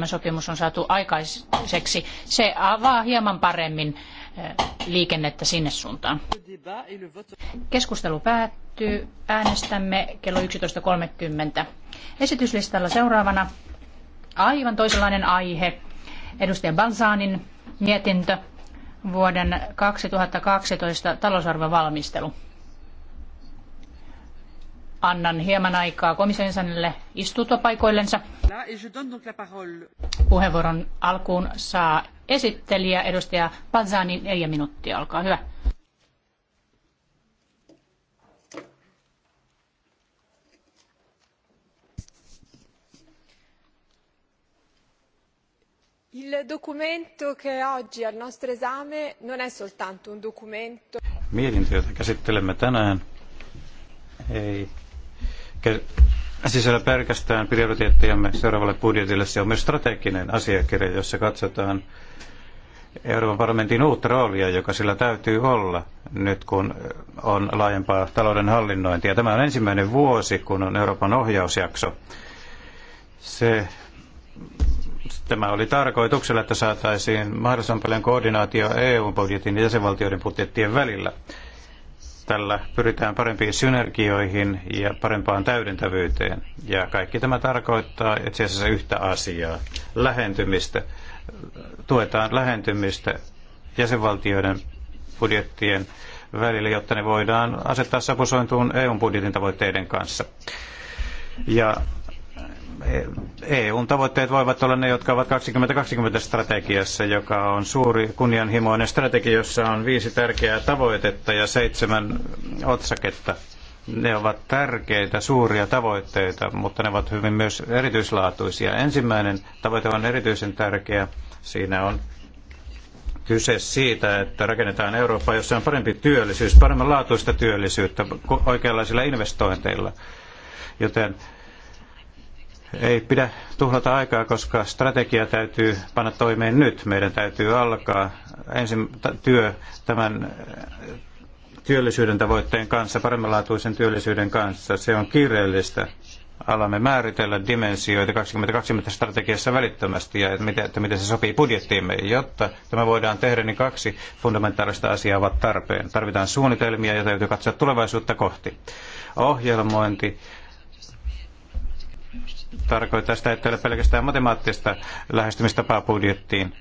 tämä sopimus on saatu aikaiseksi, se avaa hieman paremmin eh, liikennettä sinne suuntaan. Keskustelu päättyy. Äänestämme kello 11.30. Esityslistalla seuraavana aivan toisenlainen aihe. Edustaja Balsaanin mietintö vuoden 2012 talousarvovalmistelu. valmistelu annan hieman aikaa komission jäsenelle paikoillensa. Puheenvuoron alkuun saa esittelijä edustaja Panzani, neljä minuuttia, olkaa hyvä. Il documento che oggi al nostro esame non è soltanto un documento. Mietintö, jota käsittelemme tänään, ei sisällä pelkästään prioriteettiamme seuraavalle budjetille. Se on myös strateginen asiakirja, jossa katsotaan Euroopan parlamentin uutta roolia, joka sillä täytyy olla nyt, kun on laajempaa talouden hallinnointia. Tämä on ensimmäinen vuosi, kun on Euroopan ohjausjakso. Se, tämä oli tarkoituksella, että saataisiin mahdollisimman paljon koordinaatio EU-budjetin ja jäsenvaltioiden budjettien välillä. Tällä pyritään parempiin synergioihin ja parempaan täydentävyyteen. Ja kaikki tämä tarkoittaa itse asiassa yhtä asiaa, lähentymistä. Tuetaan lähentymistä jäsenvaltioiden budjettien välillä, jotta ne voidaan asettaa sapusointuun EUn budjetin tavoitteiden kanssa. Ja EUn tavoitteet voivat olla ne, jotka ovat 2020-strategiassa, joka on suuri kunnianhimoinen strategia, jossa on viisi tärkeää tavoitetta ja seitsemän otsaketta. Ne ovat tärkeitä, suuria tavoitteita, mutta ne ovat hyvin myös erityislaatuisia. Ensimmäinen tavoite on erityisen tärkeä. Siinä on kyse siitä, että rakennetaan Eurooppaa, jossa on parempi työllisyys, paremmanlaatuista työllisyyttä oikeanlaisilla investointeilla. Joten ei pidä tuhlata aikaa, koska strategia täytyy panna toimeen nyt. Meidän täytyy alkaa ensin työ tämän äh, työllisyyden tavoitteen kanssa, paremmanlaatuisen työllisyyden kanssa. Se on kiireellistä. Alamme määritellä dimensioita 2020 strategiassa välittömästi ja miten, että miten se sopii budjettiimme. Jotta tämä voidaan tehdä, niin kaksi fundamentaalista asiaa ovat tarpeen. Tarvitaan suunnitelmia ja täytyy katsoa tulevaisuutta kohti. Ohjelmointi tarkoittaa sitä, että ei ole pelkästään matemaattista lähestymistapaa budjettiin.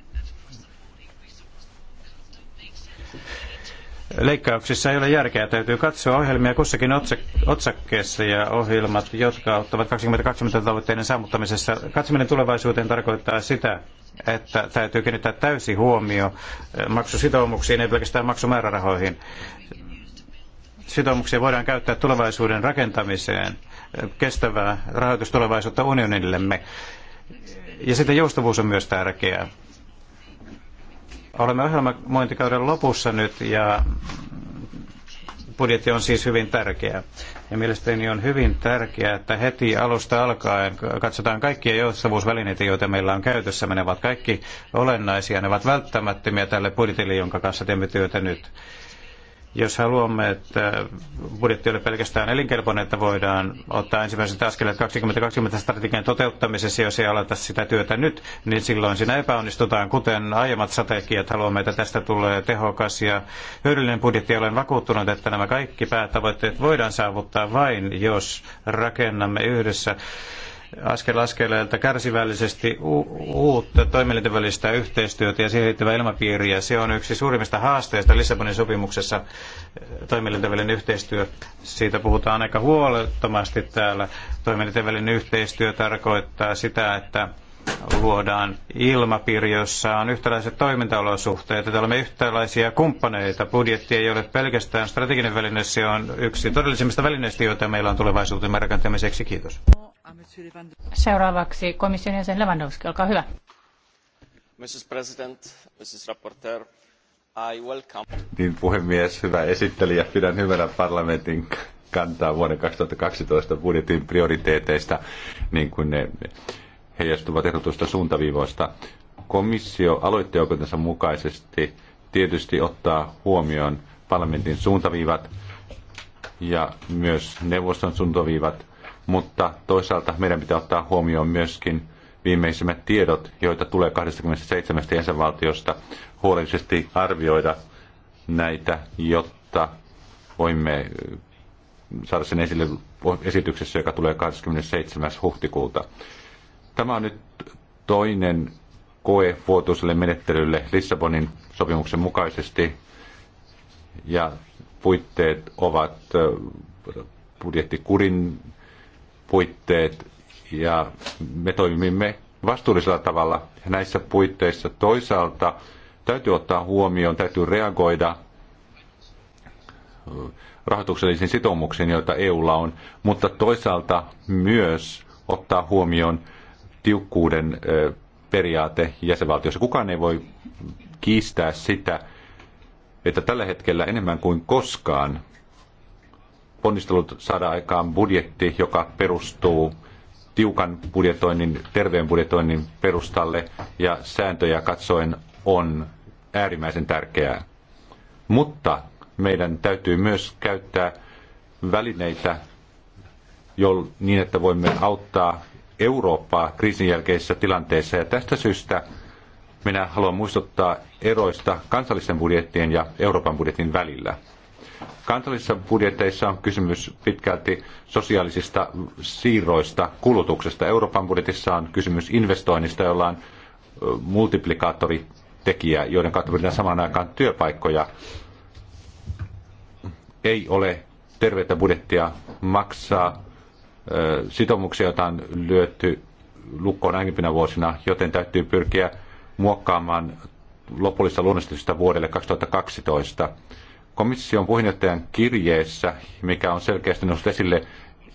Leikkauksissa ei ole järkeä. Täytyy katsoa ohjelmia kussakin otsakkeessa ja ohjelmat, jotka auttavat 2020 tavoitteiden saavuttamisessa. Katsominen tulevaisuuteen tarkoittaa sitä, että täytyy kiinnittää täysi huomio eh, maksusitoumuksiin, ei pelkästään maksumäärärahoihin. Sitoumuksia voidaan käyttää tulevaisuuden rakentamiseen kestävää rahoitustulevaisuutta unionillemme. Ja sitten joustavuus on myös tärkeää. Olemme ohjelmointikauden lopussa nyt ja budjetti on siis hyvin tärkeä. Ja mielestäni on hyvin tärkeää, että heti alusta alkaen katsotaan kaikkia joustavuusvälineitä, joita meillä on käytössä. Ne ovat kaikki olennaisia, ne ovat välttämättömiä tälle budjetille, jonka kanssa teemme työtä nyt. Jos haluamme, että budjetti ole pelkästään elinkelpoinen, että voidaan ottaa ensimmäiset askeleet 2020 strategian toteuttamisessa, jos ei aleta sitä työtä nyt, niin silloin siinä epäonnistutaan, kuten aiemmat strategiat. Haluamme, että tästä tulee tehokas ja hyödyllinen budjetti. Olen vakuuttunut, että nämä kaikki päätavoitteet voidaan saavuttaa vain, jos rakennamme yhdessä askel askeleelta kärsivällisesti uutta toimielinten välistä yhteistyötä ja siihen liittyvää ilmapiiriä. Se on yksi suurimmista haasteista Lissabonin sopimuksessa eh, toimielinten välinen yhteistyö. Siitä puhutaan aika huolettomasti täällä. Toimielinten välinen yhteistyö tarkoittaa sitä, että luodaan ilmapiiri, jossa on yhtäläiset toimintaolosuhteet, että olemme yhtäläisiä kumppaneita. Budjetti ei ole pelkästään strateginen väline, se on yksi todellisimmista välineistä, joita meillä on tulevaisuuteen rakentamiseksi. Kiitos. Seuraavaksi komission jäsen Lewandowski, olkaa hyvä. Mrs. President, Mrs. Rapporteur, I welcome. Niin puhemies, hyvä esittelijä. Pidän hyvänä parlamentin kantaa vuoden 2012 budjetin prioriteeteista, niin kuin ne heijastuvat ehdotusta suuntaviivoista. Komissio aloitteoikeutensa mukaisesti tietysti ottaa huomioon parlamentin suuntaviivat ja myös neuvoston suuntaviivat – mutta toisaalta meidän pitää ottaa huomioon myöskin viimeisimmät tiedot, joita tulee 27 jäsenvaltiosta, huolellisesti arvioida näitä, jotta voimme äh, saada sen esille esityksessä, joka tulee 27. huhtikuuta. Tämä on nyt toinen koe vuotuiselle menettelylle Lissabonin sopimuksen mukaisesti, ja puitteet ovat äh, budjettikurin puitteet ja me toimimme vastuullisella tavalla näissä puitteissa. Toisaalta täytyy ottaa huomioon, täytyy reagoida rahoituksellisiin sitoumuksiin, joita EUlla on, mutta toisaalta myös ottaa huomioon tiukkuuden periaate jäsenvaltiossa. Kukaan ei voi kiistää sitä, että tällä hetkellä enemmän kuin koskaan ponnistelut saada aikaan budjetti, joka perustuu tiukan budjetoinnin, terveen budjetoinnin perustalle ja sääntöjä katsoen on äärimmäisen tärkeää. Mutta meidän täytyy myös käyttää välineitä jo, niin, että voimme auttaa Eurooppaa kriisin jälkeisessä tilanteessa. Ja tästä syystä minä haluan muistuttaa eroista kansallisen budjettien ja Euroopan budjetin välillä. Kansallisissa budjeteissa on kysymys pitkälti sosiaalisista siirroista, kulutuksesta. Euroopan budjetissa on kysymys investoinnista, jolla on multiplikaattoritekijä, joiden kautta pyritään samaan aikaan työpaikkoja. Ei ole terveitä budjettia maksaa sitoumuksia, joita on lyöty lukkoon aiempina vuosina, joten täytyy pyrkiä muokkaamaan lopullista luonnostusta vuodelle 2012. Komission puheenjohtajan kirjeessä, mikä on selkeästi noussut esille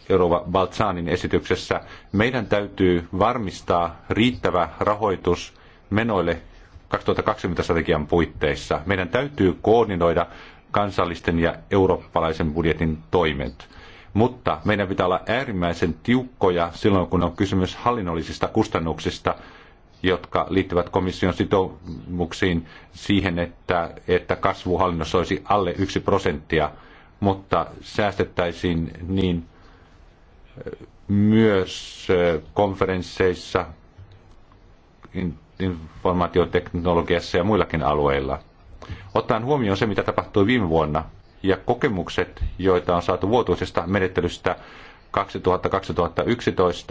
Eurova Baltsanin esityksessä, meidän täytyy varmistaa riittävä rahoitus menoille 2020 strategian puitteissa. Meidän täytyy koordinoida kansallisten ja eurooppalaisen budjetin toimet. Mutta meidän pitää olla äärimmäisen tiukkoja silloin, kun on kysymys hallinnollisista kustannuksista, jotka liittyvät komission sitoumuksiin siihen, että, että kasvuhallinnossa olisi alle yksi prosenttia, mutta säästettäisiin niin myös konferensseissa, informaatioteknologiassa ja muillakin alueilla. Ottaen huomioon se, mitä tapahtui viime vuonna ja kokemukset, joita on saatu vuotuisesta menettelystä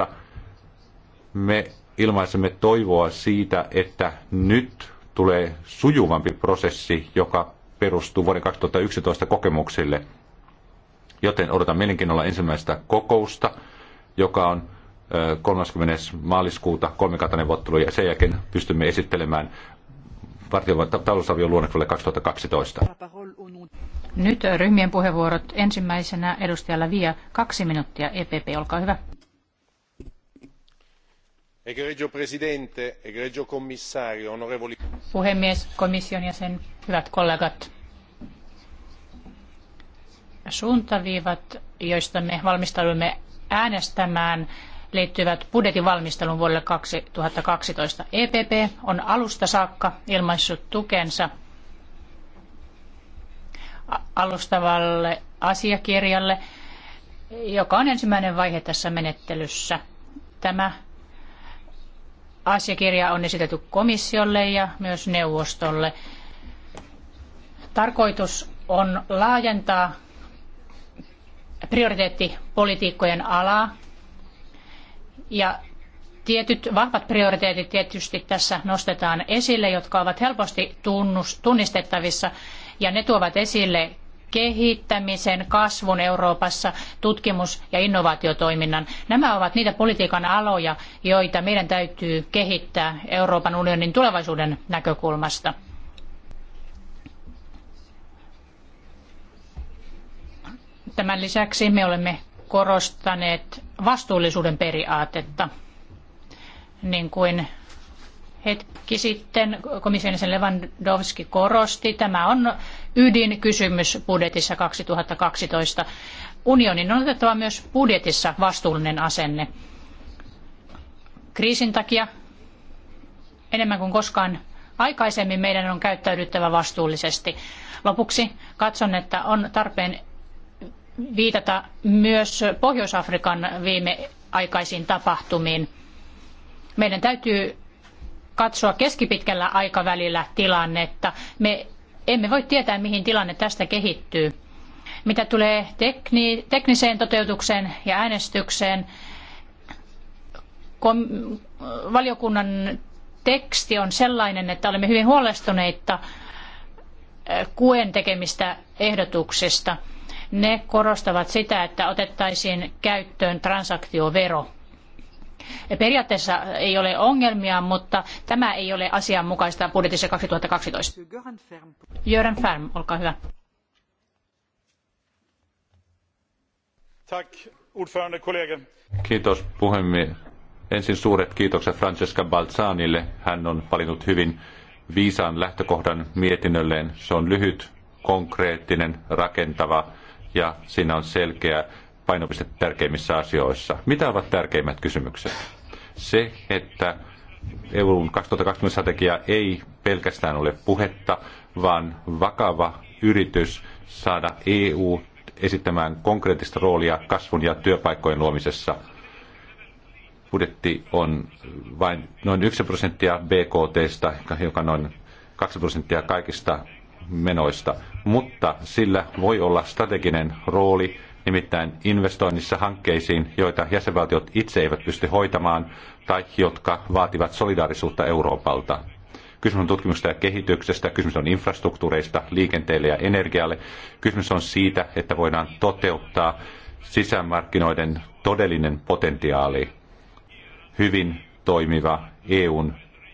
2000-2011, me ilmaisemme toivoa siitä, että nyt tulee sujuvampi prosessi, joka perustuu vuoden 2011 kokemuksille. Joten odotan mielenkiinnolla ensimmäistä kokousta, joka on 30. maaliskuuta kolmikantaneuvottelu ja sen jälkeen pystymme esittelemään talousarvion luonnokselle 2012. Nyt ryhmien puheenvuorot. Ensimmäisenä edustajalla Via, kaksi minuuttia. EPP, olkaa hyvä arvoisa puhemies komission jäsen hyvät kollegat suuntaviivat joista me valmistaudumme äänestämään liittyvät budjetin valmisteluun vuodelle kaksituhatta kaksitoista epp on alusta saakka ilmaissut tukensa alustavalle asiakirjalle joka on ensimmäinen vaihe tässä menettelyssä. tämä asiakirja on esitelty komissiolle ja myös neuvostolle. Tarkoitus on laajentaa prioriteettipolitiikkojen alaa ja tietyt vahvat prioriteetit tietysti tässä nostetaan esille, jotka ovat helposti tunnistettavissa ja ne tuovat esille kehittämisen, kasvun Euroopassa, tutkimus- ja innovaatiotoiminnan. Nämä ovat niitä politiikan aloja, joita meidän täytyy kehittää Euroopan unionin tulevaisuuden näkökulmasta. Tämän lisäksi me olemme korostaneet vastuullisuuden periaatetta, niin kuin hetki sitten komission jäsen Lewandowski korosti. Tämä on ydinkysymys budjetissa 2012. Unionin on otettava myös budjetissa vastuullinen asenne. Kriisin takia enemmän kuin koskaan aikaisemmin meidän on käyttäydyttävä vastuullisesti. Lopuksi katson, että on tarpeen viitata myös Pohjois-Afrikan viimeaikaisiin tapahtumiin. Meidän täytyy katsoa keskipitkällä aikavälillä tilannetta. Me emme voi tietää, mihin tilanne tästä kehittyy. Mitä tulee tekni, tekniseen toteutukseen ja äänestykseen, kom, valiokunnan teksti on sellainen, että olemme hyvin huolestuneita eh, kuen tekemistä ehdotuksista. Ne korostavat sitä, että otettaisiin käyttöön transaktiovero. Periaatteessa ei ole ongelmia, mutta tämä ei ole asianmukaista budjetissa 2012. Jören Färm, olkaa hyvä. Kiitos puhemies. Ensin suuret kiitokset Francesca Balzanille. Hän on valinnut hyvin viisaan lähtökohdan mietinnölleen. Se on lyhyt, konkreettinen, rakentava ja siinä on selkeä painopiste tärkeimmissä asioissa. Mitä ovat tärkeimmät kysymykset? Se, että EUn 2020 strategia ei pelkästään ole puhetta, vaan vakava yritys saada EU esittämään konkreettista roolia kasvun ja työpaikkojen luomisessa. Budjetti on vain noin 1 prosenttia BKTstä, joka noin 2 prosenttia kaikista menoista, mutta sillä voi olla strateginen rooli nimittäin investoinnissa hankkeisiin, joita jäsenvaltiot itse eivät pysty hoitamaan tai jotka vaativat solidaarisuutta Euroopalta. Kysymys on tutkimuksesta ja kehityksestä, kysymys on infrastruktuureista, liikenteelle ja energialle. Kysymys on siitä, että voidaan toteuttaa sisämarkkinoiden todellinen potentiaali. Hyvin toimiva EUn,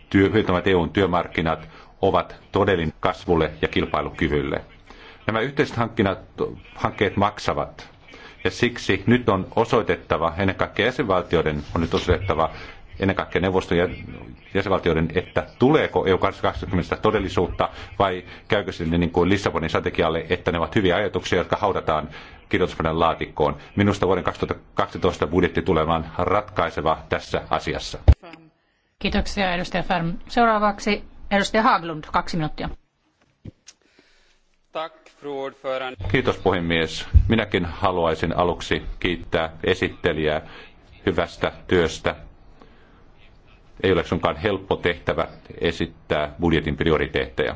työ, EUn työmarkkinat ovat todellinen kasvulle ja kilpailukyvylle. Nämä yhteiset hankkeet maksavat. Ja siksi nyt on osoitettava, ennen kaikkea jäsenvaltioiden on nyt osoitettava, ennen kaikkea neuvoston ja jäsenvaltioiden, että tuleeko EU 2020 todellisuutta vai käykö sille niin kuin Lissabonin strategialle, että ne ovat hyviä ajatuksia, jotka haudataan kirjoituspöydän laatikkoon. Minusta vuoden 2012 budjetti tulemaan ratkaiseva tässä asiassa. Kiitoksia edustaja Färm. Seuraavaksi edustaja Haglund, kaksi minuuttia. Kiitos puhemies. Minäkin haluaisin aluksi kiittää esittelijää hyvästä työstä. Ei ole sunkaan helppo tehtävä esittää budjetin prioriteetteja.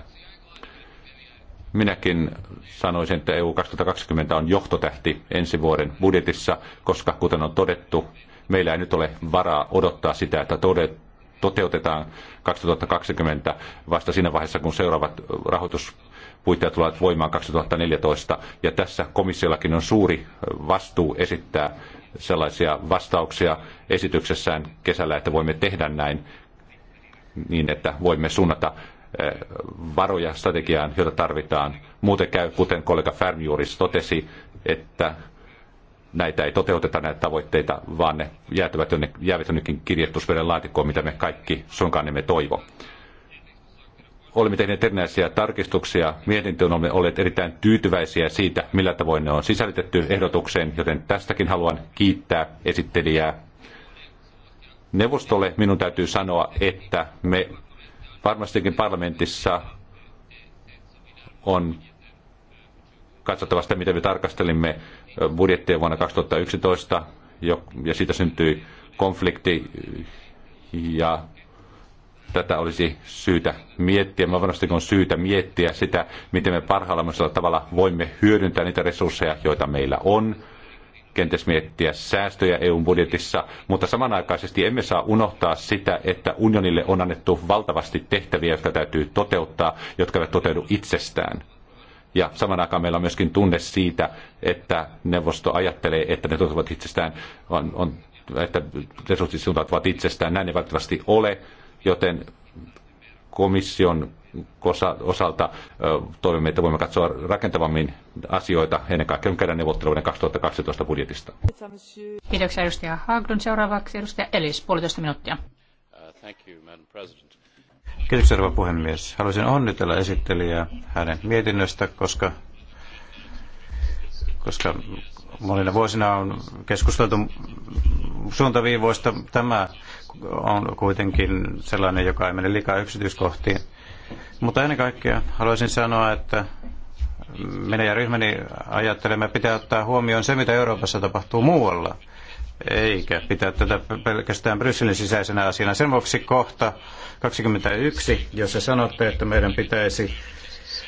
Minäkin sanoisin, että EU 2020 on johtotähti ensi vuoden budjetissa, koska kuten on todettu, meillä ei nyt ole varaa odottaa sitä, että toteutetaan 2020 vasta siinä vaiheessa, kun seuraavat rahoitus puitteet tulevat voimaan 2014. Ja tässä komissiollakin on suuri vastuu esittää sellaisia vastauksia esityksessään kesällä, että voimme tehdä näin niin, että voimme suunnata varoja strategiaan, jota tarvitaan. Muuten käy, kuten kollega Färm juuri totesi, että näitä ei toteuteta näitä tavoitteita, vaan ne jäävät jonnekin kirjoitusveden laatikkoon, mitä me kaikki sunkaan emme toivo olemme tehneet erinäisiä tarkistuksia. Mietintöön olemme olleet erittäin tyytyväisiä siitä, millä tavoin ne on sisällytetty ehdotukseen, joten tästäkin haluan kiittää esittelijää. Neuvostolle minun täytyy sanoa, että me varmastikin parlamentissa on katsottava sitä, mitä me tarkastelimme budjettia vuonna 2011, ja siitä syntyi konflikti, ja tätä olisi syytä miettiä. Mä varmasti on syytä miettiä sitä, miten me parhaalla tavalla voimme hyödyntää niitä resursseja, joita meillä on kenties miettiä säästöjä EUn budjetissa, mutta samanaikaisesti emme saa unohtaa sitä, että unionille on annettu valtavasti tehtäviä, jotka täytyy toteuttaa, jotka eivät toteudu itsestään. Ja saman aikaan meillä on myöskin tunne siitä, että neuvosto ajattelee, että ne toteutuvat itsestään, on, on, että resurssit suuntautuvat itsestään. Näin ei valitettavasti ole joten komission osalta toivomme, että voimme katsoa rakentavammin asioita ennen kaikkea käydä neuvotteluiden 2012 budjetista. Kiitoksia edustaja Haglund. Seuraavaksi edustaja Elis, puolitoista minuuttia. Kiitoksia, rouva puhemies. Haluaisin onnitella esittelijää hänen mietinnöstä, koska, koska monina vuosina on keskusteltu suuntaviivoista. Tämä on kuitenkin sellainen, joka ei mene liikaa yksityiskohtiin. Mutta ennen kaikkea haluaisin sanoa, että minä ja ryhmäni ajattelemme pitää ottaa huomioon se, mitä Euroopassa tapahtuu muualla, eikä pitää tätä pelkästään Brysselin sisäisenä asiana. Sen vuoksi kohta 21, jossa sanotte, että meidän pitäisi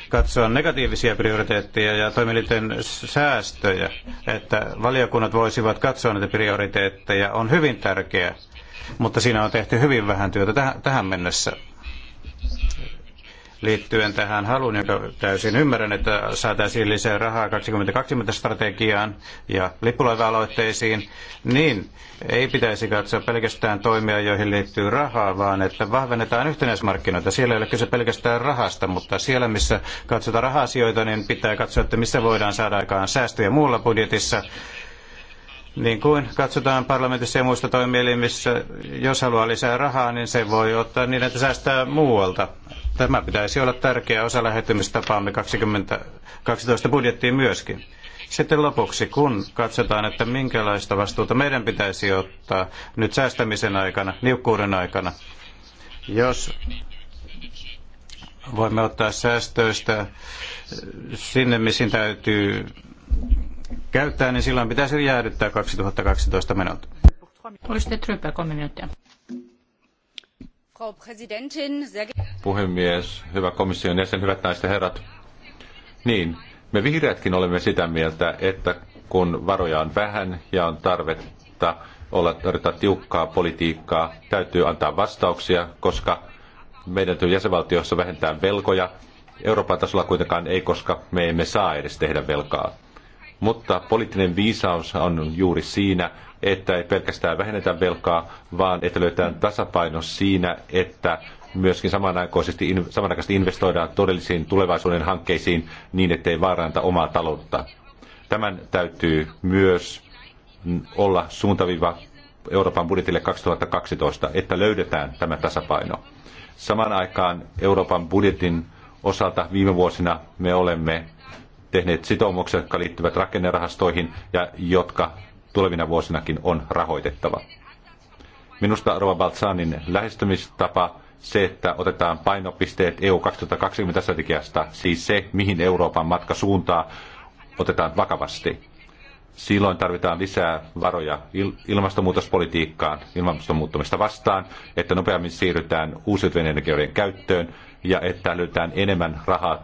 katsoa negatiivisia prioriteetteja ja toimielinten säästöjä, että valiokunnat voisivat katsoa näitä prioriteetteja, on hyvin tärkeää mutta siinä on tehty hyvin vähän työtä tähän mennessä liittyen tähän haluun, joka täysin ymmärrän, että saataisiin lisää rahaa 2020-strategiaan ja lippulaiva-aloitteisiin, niin ei pitäisi katsoa pelkästään toimia, joihin liittyy rahaa, vaan että vahvennetaan yhtenäismarkkinoita. Siellä ei ole kyse pelkästään rahasta, mutta siellä, missä katsotaan raha-asioita, niin pitää katsoa, että missä voidaan saada aikaan säästöjä muulla budjetissa niin kuin katsotaan parlamentissa ja muissa toimielimissä, jos haluaa lisää rahaa, niin se voi ottaa niin, että säästää muualta. Tämä pitäisi olla tärkeä osa lähettämistapaamme 2012 budjettiin myöskin. Sitten lopuksi, kun katsotaan, että minkälaista vastuuta meidän pitäisi ottaa nyt säästämisen aikana, niukkuuden aikana, jos voimme ottaa säästöistä sinne, missä täytyy käyttää, niin silloin pitäisi jäädyttää 2012 menot. Olisitte Trypä, kolme minuuttia. Puhemies, hyvä komission jäsen, hyvät naiset ja herrat. Niin, me vihreätkin olemme sitä mieltä, että kun varoja on vähän ja on tarvetta olla tarjota tiukkaa politiikkaa, täytyy antaa vastauksia, koska meidän työn jäsenvaltioissa vähentää velkoja. Euroopan tasolla kuitenkaan ei, koska me emme saa edes tehdä velkaa. Mutta poliittinen viisaus on juuri siinä, että ei pelkästään vähennetä velkaa, vaan että löytää tasapaino siinä, että myöskin samanaikaisesti, samanaikaisesti investoidaan todellisiin tulevaisuuden hankkeisiin niin, ettei vaaranta omaa taloutta. Tämän täytyy myös olla suuntaviva Euroopan budjetille 2012, että löydetään tämä tasapaino. Samaan aikaan Euroopan budjetin osalta viime vuosina me olemme tehneet sitoumuksia, jotka liittyvät rakennerahastoihin ja jotka tulevina vuosinakin on rahoitettava. Minusta Rova Baltsanin lähestymistapa, se, että otetaan painopisteet EU 2020 strategiasta, siis se, mihin Euroopan matka suuntaa, otetaan vakavasti. Silloin tarvitaan lisää varoja ilmastonmuutospolitiikkaan, ilmastonmuuttumista vastaan, että nopeammin siirrytään uusiutuvien energioiden käyttöön ja että löytään enemmän rahaa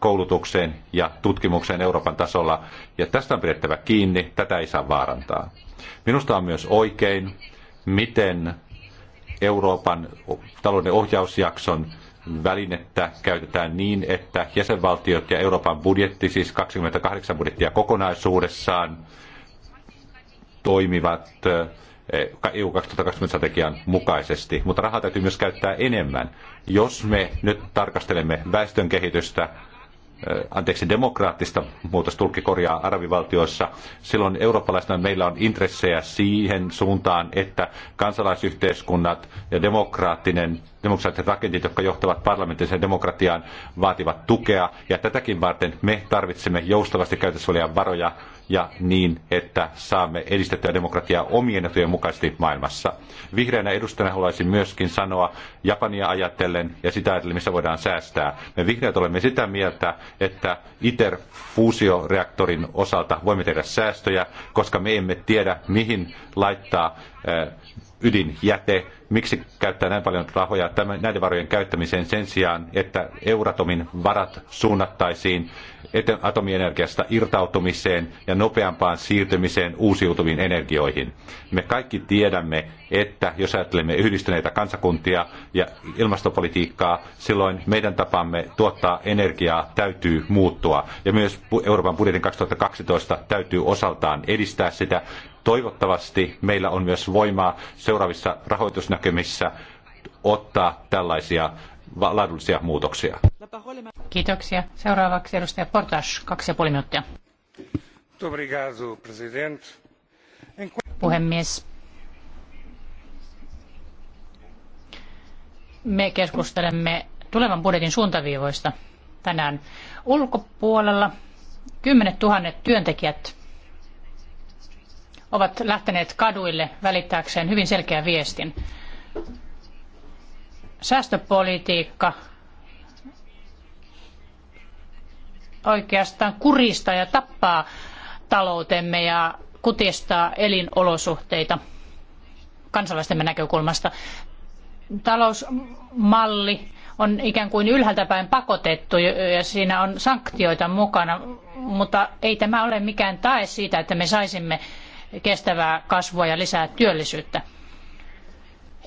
koulutukseen ja tutkimukseen Euroopan tasolla. Ja tästä on pidettävä kiinni, tätä ei saa vaarantaa. Minusta on myös oikein, miten Euroopan talouden ohjausjakson välinettä käytetään niin, että jäsenvaltiot ja Euroopan budjetti, siis 28 budjettia kokonaisuudessaan, toimivat EU 2020-strategian mukaisesti, mutta rahaa täytyy myös käyttää enemmän. Jos me nyt tarkastelemme väestön kehitystä, anteeksi, demokraattista muutos tulkki korjaa arabivaltioissa, silloin eurooppalaisena meillä on intressejä siihen suuntaan, että kansalaisyhteiskunnat ja demokraattinen, demokraattiset rakenteet, jotka johtavat parlamenttiseen demokratiaan, vaativat tukea. Ja tätäkin varten me tarvitsemme joustavasti käytössä olevia varoja ja niin, että saamme edistettyä demokratiaa omien etujen mukaisesti maailmassa. Vihreänä edustajana haluaisin myöskin sanoa Japania ajatellen ja sitä ajatellen, missä voidaan säästää. Me vihreät olemme sitä mieltä, että ITER-fuusioreaktorin osalta voimme tehdä säästöjä, koska me emme tiedä, mihin laittaa eh, ydinjäte, miksi käyttää näin paljon rahoja tämän, näiden varojen käyttämiseen sen sijaan, että Euratomin varat suunnattaisiin atomienergiasta irtautumiseen ja nopeampaan siirtymiseen uusiutuviin energioihin. Me kaikki tiedämme, että jos ajattelemme yhdistyneitä kansakuntia ja ilmastopolitiikkaa, silloin meidän tapamme tuottaa energiaa täytyy muuttua. Ja myös Euroopan budjetin 2012 täytyy osaltaan edistää sitä. Toivottavasti meillä on myös voimaa seuraavissa rahoitusnäkymissä ottaa tällaisia laadullisia muutoksia. Kiitoksia. Seuraavaksi edustaja Portas, kaksi ja puoli minuuttia. Puhemies. Me keskustelemme tulevan budjetin suuntaviivoista tänään. Ulkopuolella kymmenet tuhannet työntekijät ovat lähteneet kaduille välittääkseen hyvin selkeän viestin säästöpolitiikka oikeastaan kuristaa ja tappaa taloutemme ja kutistaa elinolosuhteita kansalaistemme näkökulmasta. Talousmalli on ikään kuin ylhäältä päin pakotettu ja siinä on sanktioita mukana, mutta ei tämä ole mikään tae siitä, että me saisimme kestävää kasvua ja lisää työllisyyttä.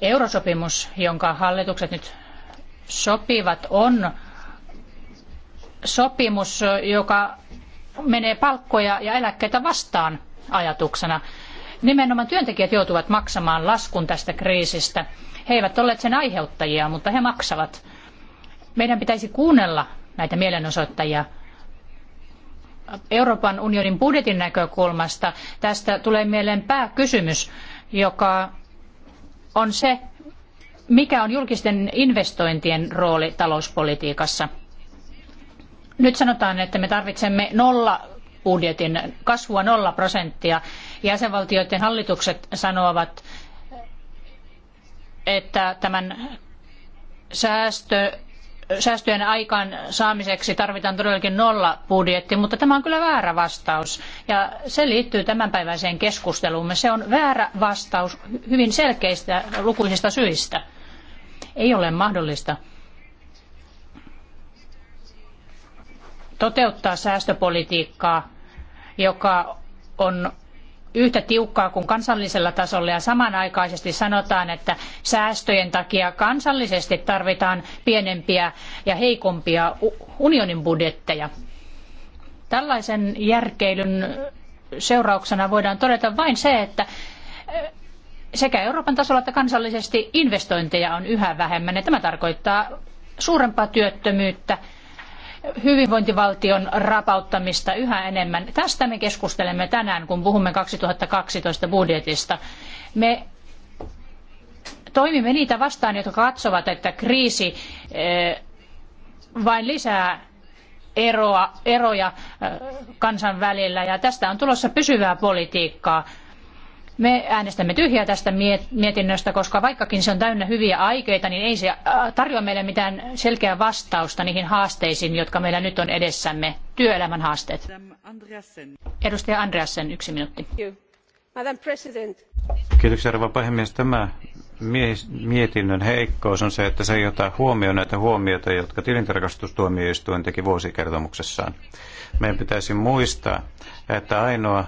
Eurosopimus, jonka hallitukset nyt sopivat, on sopimus, joka menee palkkoja ja eläkkeitä vastaan ajatuksena. Nimenomaan työntekijät joutuvat maksamaan laskun tästä kriisistä. He eivät olleet sen aiheuttajia, mutta he maksavat. Meidän pitäisi kuunnella näitä mielenosoittajia. Euroopan unionin budjetin näkökulmasta tästä tulee mieleen pääkysymys, joka on se, mikä on julkisten investointien rooli talouspolitiikassa. Nyt sanotaan, että me tarvitsemme nolla budjetin kasvua nolla prosenttia. Jäsenvaltioiden hallitukset sanovat, että tämän säästö säästöjen aikaan saamiseksi tarvitaan todellakin nolla budjetti, mutta tämä on kyllä väärä vastaus. Ja se liittyy tämänpäiväiseen keskusteluumme. Se on väärä vastaus hyvin selkeistä lukuisista syistä. Ei ole mahdollista toteuttaa säästöpolitiikkaa, joka on yhtä tiukkaa kuin kansallisella tasolla ja samanaikaisesti sanotaan, että säästöjen takia kansallisesti tarvitaan pienempiä ja heikompia unionin budjetteja. Tällaisen järkeilyn seurauksena voidaan todeta vain se, että eh, sekä Euroopan tasolla että kansallisesti investointeja on yhä vähemmän ja tämä tarkoittaa suurempaa työttömyyttä hyvinvointivaltion rapauttamista yhä enemmän. Tästä me keskustelemme tänään, kun puhumme 2012 budjetista. Me toimimme niitä vastaan, jotka katsovat, että kriisi eh, vain lisää eroa, eroja eh, kansan välillä ja tästä on tulossa pysyvää politiikkaa. Me äänestämme tyhjää tästä mietinnöstä, koska vaikkakin se on täynnä hyviä aikeita, niin ei se äh, tarjoa meille mitään selkeää vastausta niihin haasteisiin, jotka meillä nyt on edessämme. Työelämän haasteet. Edustaja Andreasen, yksi minuutti. Kiitoksia, arvoa puhemies. Tämä mietinnön heikkous on se, että se ei ota huomioon näitä huomioita, jotka tilintarkastustuomioistuin teki vuosikertomuksessaan. Meidän pitäisi muistaa, että ainoa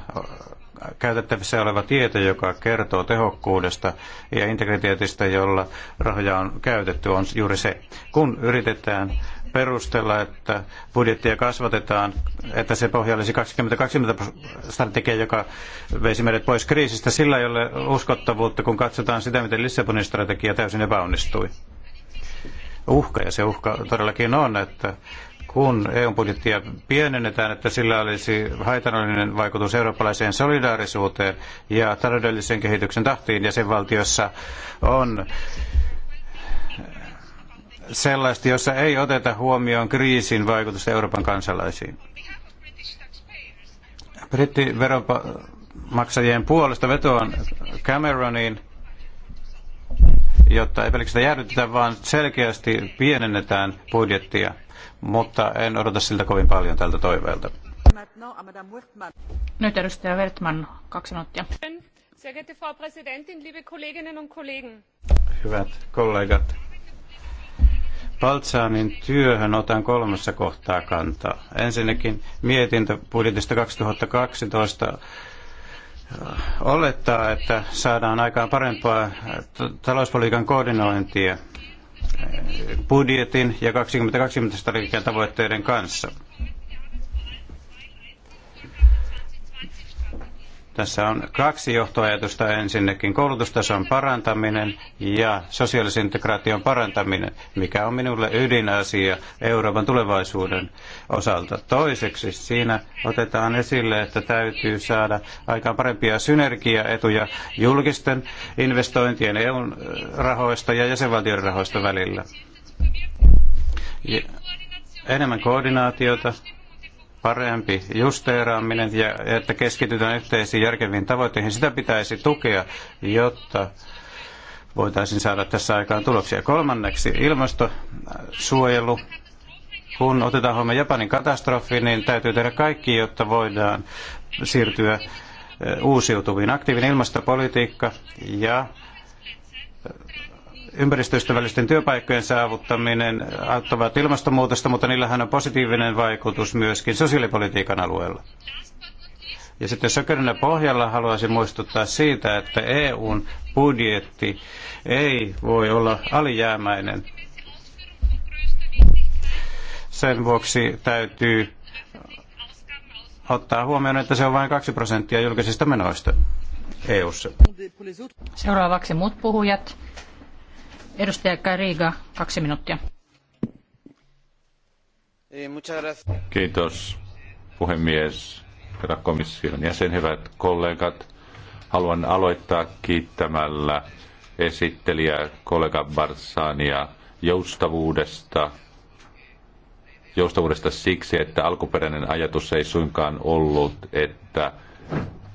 käytettävissä oleva tieto, joka kertoo tehokkuudesta ja integriteetistä, jolla rahoja on käytetty, on juuri se. Kun yritetään perustella, että budjettia kasvatetaan, että se pohjallisi 2020 strategia, joka veisi meidät pois kriisistä, sillä ei ole uskottavuutta, kun katsotaan sitä, miten Lissabonin strategia täysin epäonnistui uhka, ja se uhka todellakin on, että kun EU-budjettia pienennetään, että sillä olisi haitanollinen vaikutus eurooppalaiseen solidaarisuuteen ja taloudellisen kehityksen tahtiin jäsenvaltiossa on sellaista, jossa ei oteta huomioon kriisin vaikutusta Euroopan kansalaisiin. Brittiveronmaksajien puolesta vetoan Cameroniin, jotta ei pelkästään jäädytetä, vaan selkeästi pienennetään budjettia mutta en odota siltä kovin paljon tältä toiveelta. Nyt edustaja Wertman, kaksi minuuttia. Hyvät kollegat, Paltsaanin työhön otan kolmessa kohtaa kantaa. Ensinnäkin mietintö budjetista 2012 olettaa, että saadaan aikaan parempaa talouspolitiikan koordinointia budjetin ja 2020 strategian tavoitteiden kanssa. Tässä on kaksi johtoajatusta ensinnäkin koulutustason parantaminen ja sosiaalisen integraation parantaminen, mikä on minulle ydinasia Euroopan tulevaisuuden osalta. Toiseksi siinä otetaan esille, että täytyy saada aikaan parempia synergiaetuja julkisten investointien EUn rahoista ja jäsenvaltioiden rahoista välillä. Ja enemmän koordinaatiota, parempi justeeraaminen ja että keskitytään yhteisiin järkeviin tavoitteihin, sitä pitäisi tukea, jotta voitaisiin saada tässä aikaan tuloksia. Kolmanneksi ilmastosuojelu. Kun otetaan huomioon Japanin katastrofi, niin täytyy tehdä kaikki, jotta voidaan siirtyä uusiutuviin. Aktiivinen ilmastopolitiikka ja ympäristöystävällisten työpaikkojen saavuttaminen auttavat ilmastonmuutosta, mutta niillähän on positiivinen vaikutus myöskin sosiaalipolitiikan alueella. Ja sitten sökönä pohjalla haluaisin muistuttaa siitä, että EUn budjetti ei voi olla alijäämäinen. Sen vuoksi täytyy ottaa huomioon, että se on vain 2 prosenttia julkisista menoista EU:ssa. Seuraavaksi muut puhujat. Edustaja Kariga, kaksi minuuttia. Kiitos puhemies, herra komission jäsen, hyvät kollegat. Haluan aloittaa kiittämällä esittelijä kollega Barsania joustavuudesta, joustavuudesta siksi, että alkuperäinen ajatus ei suinkaan ollut, että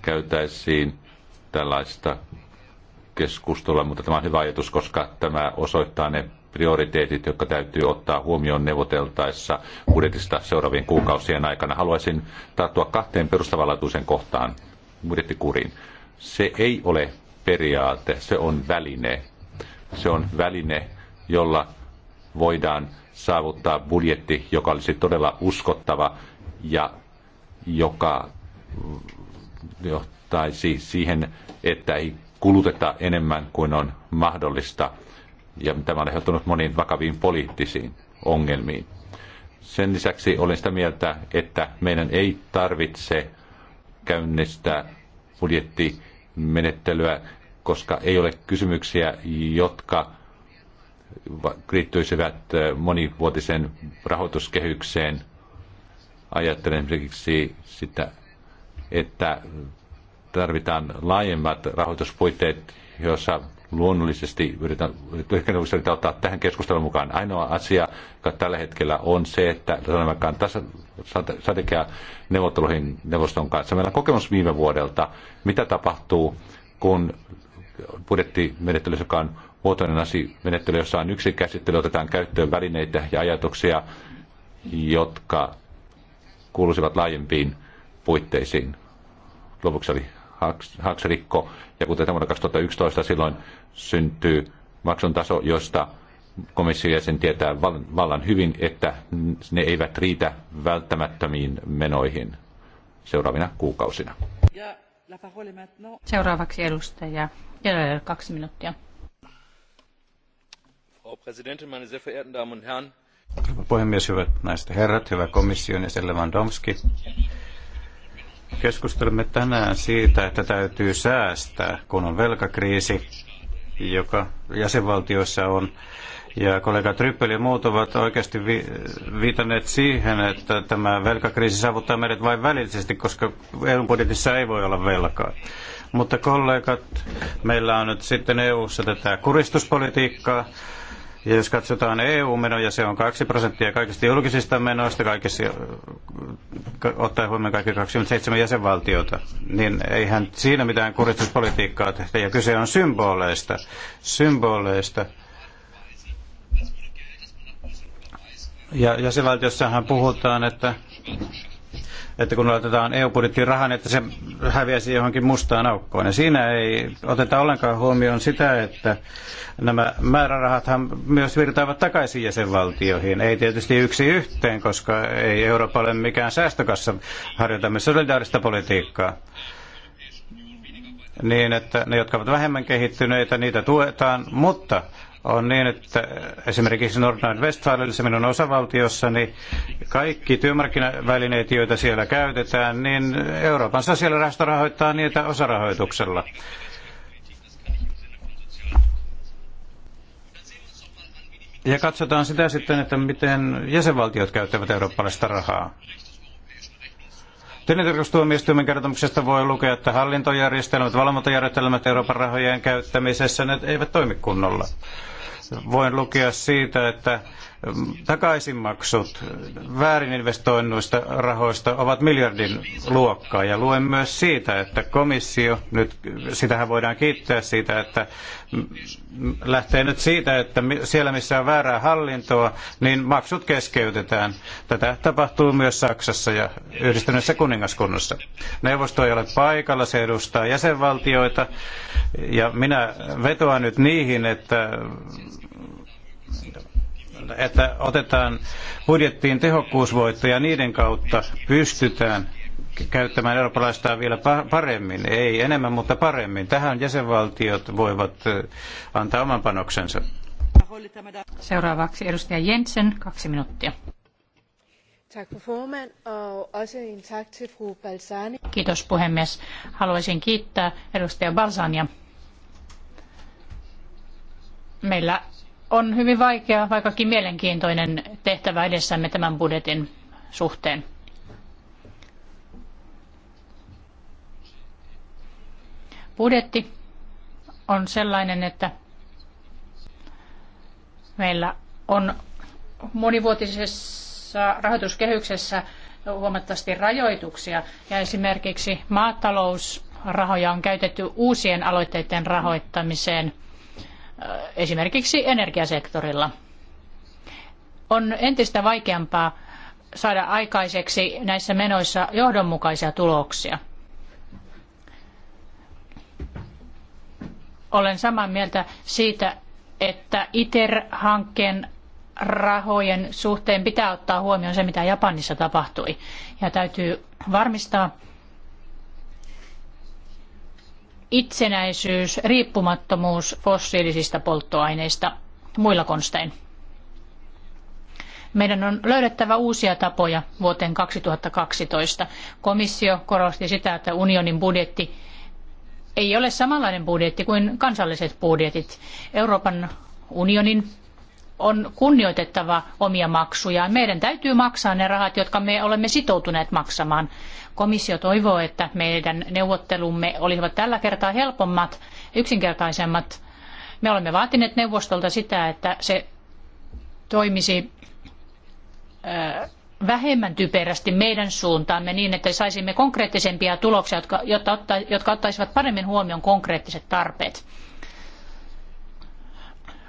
käytäisiin tällaista keskustella, mutta tämä on hyvä ajatus, koska tämä osoittaa ne prioriteetit, jotka täytyy ottaa huomioon neuvoteltaessa budjetista seuraavien kuukausien aikana. Haluaisin tarttua kahteen perustavanlaatuisen kohtaan budjettikuriin. Se ei ole periaate, se on väline. Se on väline, jolla voidaan saavuttaa budjetti, joka olisi todella uskottava ja joka johtaisi siihen, että ei kuluteta enemmän kuin on mahdollista. Ja tämä on aiheuttanut moniin vakaviin poliittisiin ongelmiin. Sen lisäksi olen sitä mieltä, että meidän ei tarvitse käynnistää budjettimenettelyä, koska ei ole kysymyksiä, jotka liittyisivät monivuotisen rahoituskehykseen. Ajattelen esimerkiksi sitä, että tarvitaan laajemmat rahoituspuitteet, joissa luonnollisesti yritän, yritän ottaa tähän keskusteluun mukaan. Ainoa asia, joka tällä hetkellä on se, että sanotaan tässä strategia neuvotteluihin neuvoston kanssa. Meillä on kokemus viime vuodelta, mitä tapahtuu, kun budjettimenettely, joka on vuotoinen asia, menettely, jossa on yksi käsittely, otetaan käyttöön välineitä ja ajatuksia, jotka kuuluisivat laajempiin puitteisiin. Lopuksi oli haks, haksrikko, ja kuten vuonna 2011 silloin syntyy maksun taso, josta komission jäsen tietää vallan hyvin, että ne eivät riitä välttämättömiin menoihin seuraavina kuukausina. Seuraavaksi edustaja Jäljellä kaksi minuuttia. Frau Präsidentin, meine sehr verehrten Damen und Herren! puhemies, hyvät naiset herrat, hyvä komission ja Selle Domski. Keskustelemme tänään siitä, että täytyy säästää, kun on velkakriisi, joka jäsenvaltioissa on. Ja kollega Tryppel ja muut ovat oikeasti vi- viitanneet siihen, että tämä velkakriisi saavuttaa meidät vain välillisesti, koska EU-budjetissa ei voi olla velkaa. Mutta kollegat, meillä on nyt sitten EU-ssa tätä kuristuspolitiikkaa, ja jos katsotaan EU-menoja, se on 2 prosenttia kaikista julkisista menoista, kaikista, ottaen huomioon kaikki 27 jäsenvaltiota, niin eihän siinä mitään kuristuspolitiikkaa tehdä. Ja kyse on symboleista. Symboleista. Ja jäsenvaltiossahan puhutaan, että että kun laitetaan EU-budjettiin rahan, niin että se häviäisi johonkin mustaan aukkoon. Ja siinä ei oteta ollenkaan huomioon sitä, että nämä määrärahathan myös virtaavat takaisin jäsenvaltioihin. Ei tietysti yksi yhteen, koska ei Eurooppa ole mikään säästökassa. Harjoitamme solidaarista politiikkaa niin, että ne, jotka ovat vähemmän kehittyneitä, niitä tuetaan, mutta on niin, että esimerkiksi Nordrhein-Westfalenissa minun osavaltiossani kaikki työmarkkinavälineet, joita siellä käytetään, niin Euroopan sosiaalirahasto rahoittaa niitä osarahoituksella. Ja katsotaan sitä sitten, että miten jäsenvaltiot käyttävät eurooppalaista rahaa. Tilintarkastustuomioistuimen kertomuksesta voi lukea, että hallintojärjestelmät, valvontajärjestelmät Euroopan rahojen käyttämisessä ne eivät toimi kunnolla. Voin lukea siitä, että takaisinmaksut väärininvestoinnuista rahoista ovat miljardin luokkaa. Ja luen myös siitä, että komissio, nyt sitähän voidaan kiittää siitä, että lähtee nyt siitä, että siellä missä on väärää hallintoa, niin maksut keskeytetään. Tätä tapahtuu myös Saksassa ja yhdistyneessä kuningaskunnassa. Neuvosto ei ole paikalla, se edustaa jäsenvaltioita. Ja minä vetoan nyt niihin, että että otetaan budjettiin tehokkuusvoittoja, niiden kautta pystytään käyttämään eurooppalaista vielä paremmin, ei enemmän, mutta paremmin. Tähän jäsenvaltiot voivat eh, antaa oman panoksensa. Seuraavaksi edustaja Jensen, kaksi minuuttia. Kiitos puhemies. Haluaisin kiittää edustaja Balsania. Meillä on hyvin vaikea, vaikkakin mielenkiintoinen tehtävä edessämme tämän budjetin suhteen. Budjetti on sellainen, että meillä on monivuotisessa rahoituskehyksessä huomattavasti rajoituksia ja esimerkiksi maatalousrahoja on käytetty uusien aloitteiden rahoittamiseen – esimerkiksi energiasektorilla. On entistä vaikeampaa saada aikaiseksi näissä menoissa johdonmukaisia tuloksia. Olen samaa mieltä siitä, että ITER-hankkeen rahojen suhteen pitää ottaa huomioon se, mitä Japanissa tapahtui. Ja täytyy varmistaa, itsenäisyys, riippumattomuus fossiilisista polttoaineista muilla konstein. Meidän on löydettävä uusia tapoja vuoteen 2012. Komissio korosti sitä, että unionin budjetti ei ole samanlainen budjetti kuin kansalliset budjetit. Euroopan unionin on kunnioitettava omia maksujaan. Meidän täytyy maksaa ne rahat, jotka me olemme sitoutuneet maksamaan. Komissio toivoo, että meidän neuvottelumme olisivat tällä kertaa helpommat, yksinkertaisemmat. Me olemme vaatineet neuvostolta sitä, että se toimisi vähemmän typerästi meidän suuntaamme niin, että saisimme konkreettisempia tuloksia, jotka, jotta jotka ottaisivat paremmin huomioon konkreettiset tarpeet.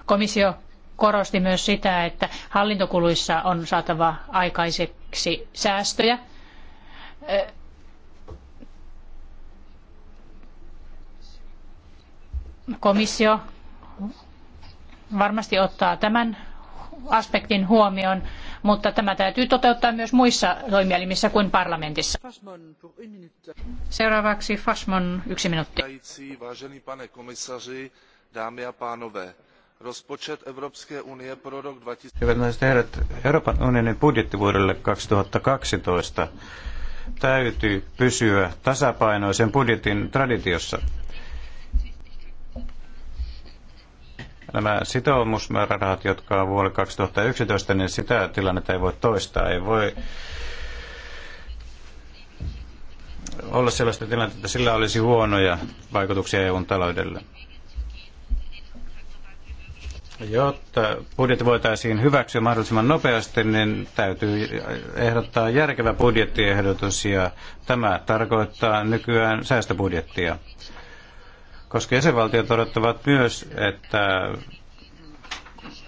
Komissio korosti myös sitä, että hallintokuluissa on saatava aikaiseksi säästöjä. Komissio varmasti ottaa tämän aspektin huomioon, mutta tämä täytyy toteuttaa myös muissa toimielimissä kuin parlamentissa. Seuraavaksi Fasmon yksi minuutti. Vážený pane komisaři, dámy a pánové, rozpočet Evropské unie pro rok 2000... herrat, Euroopan unionin budjetti vuodelle 2012 täytyy pysyä tasapainoisen budjetin traditiossa. Nämä sitoumusmäärärahat, jotka on vuoli 2011, niin sitä tilannetta ei voi toistaa. Ei voi olla sellaista tilannetta, että sillä olisi huonoja vaikutuksia EUn taloudelle. Jotta budjetti voitaisiin hyväksyä mahdollisimman nopeasti, niin täytyy ehdottaa järkevä budjettiehdotus ja tämä tarkoittaa nykyään säästöbudjettia koska jäsenvaltiot odottavat myös, että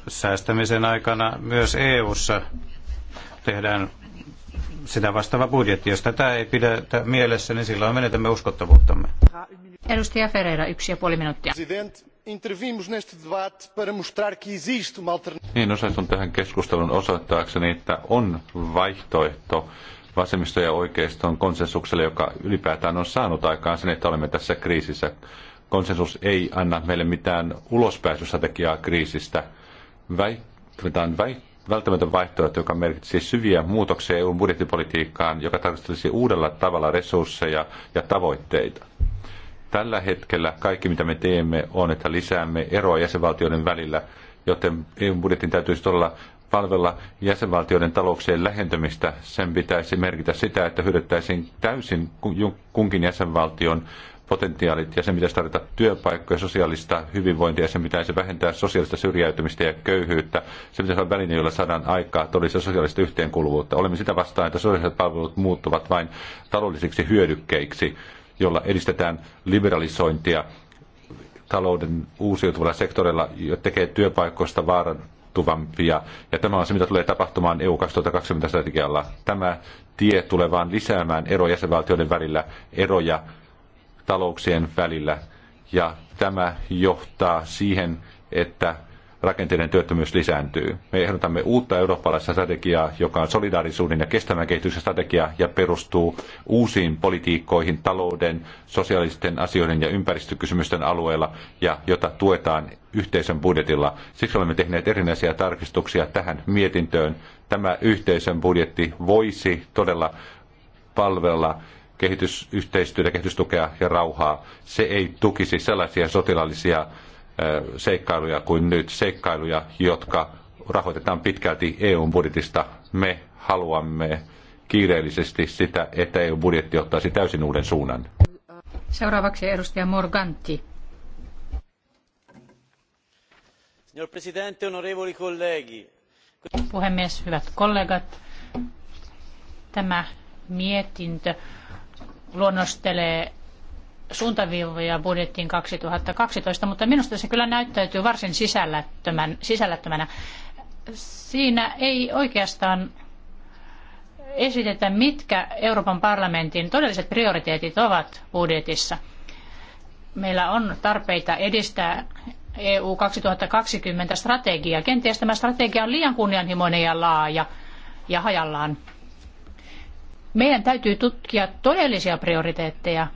säästämisen aikana myös EU:ssa tehdään sitä vastaava budjetti. Jos tätä ei pidä mielessä, niin silloin menetämme uskottavuuttamme. Edustaja Ferreira, yksi ja puoli minuuttia. Niin osallistun tähän keskustelun osoittaakseni, että on vaihtoehto vasemmisto- ja oikeiston konsensukselle, joka ylipäätään on saanut aikaan sen, että olemme tässä kriisissä konsensus ei anna meille mitään ulospääsystrategiaa kriisistä. Väitetään väittää välttämätön vaihtoehto, joka merkitsisi syviä muutoksia EUn budjettipolitiikkaan, joka tarkastelisi uudella tavalla resursseja ja tavoitteita. Tällä hetkellä kaikki, mitä me teemme, on, että lisäämme eroa jäsenvaltioiden välillä, joten EUn budjetin täytyisi todella palvella jäsenvaltioiden talouksien lähentämistä. Sen pitäisi merkitä sitä, että hyödyttäisiin täysin kunkin jäsenvaltion potentiaalit ja sen pitäisi tarjota työpaikkoja, sosiaalista hyvinvointia, sen pitäisi vähentää sosiaalista syrjäytymistä ja köyhyyttä. Se pitäisi olla väline, jolla saadaan aikaa todellista sosiaalista yhteenkuuluvuutta. Olemme sitä vastaan, että sosiaaliset palvelut muuttuvat vain taloudellisiksi hyödykkeiksi, jolla edistetään liberalisointia talouden uusiutuvalla sektorilla, jo tekee työpaikoista vaaran Tuvampia. Ja tämä on se, mitä tulee tapahtumaan EU 2020 strategialla. Tämä tie tulee vain lisäämään eroja jäsenvaltioiden välillä, eroja talouksien välillä. Ja tämä johtaa siihen, että rakenteiden työttömyys lisääntyy. Me ehdotamme uutta eurooppalaista strategiaa, joka on solidaarisuuden ja kestävän kehityksen strategia ja perustuu uusiin politiikkoihin talouden, sosiaalisten asioiden ja ympäristökysymysten alueella ja jota tuetaan yhteisön budjetilla. Siksi olemme tehneet erinäisiä tarkistuksia tähän mietintöön. Tämä yhteisön budjetti voisi todella palvella kehitysyhteistyötä, kehitystukea ja rauhaa. Se ei tukisi sellaisia sotilaallisia seikkailuja kuin nyt, seikkailuja, jotka rahoitetaan pitkälti EU-budjetista. Me haluamme kiireellisesti sitä, että EU-budjetti ottaisi täysin uuden suunnan. Seuraavaksi edustaja Morganti. Signor Presidente, onorevoli colleghi. Puhemies, hyvät kollegat. Tämä mietintö luonnostelee suuntaviivoja budjettiin 2012, mutta minusta se kyllä näyttäytyy varsin sisällättömän, sisällättömänä. Siinä ei oikeastaan esitetä, mitkä Euroopan parlamentin todelliset prioriteetit ovat budjetissa. Meillä on tarpeita edistää EU 2020 strategiaa. Kenties tämä strategia on liian kunnianhimoinen ja laaja ja hajallaan. Meidän täytyy tutkia todellisia prioriteetteja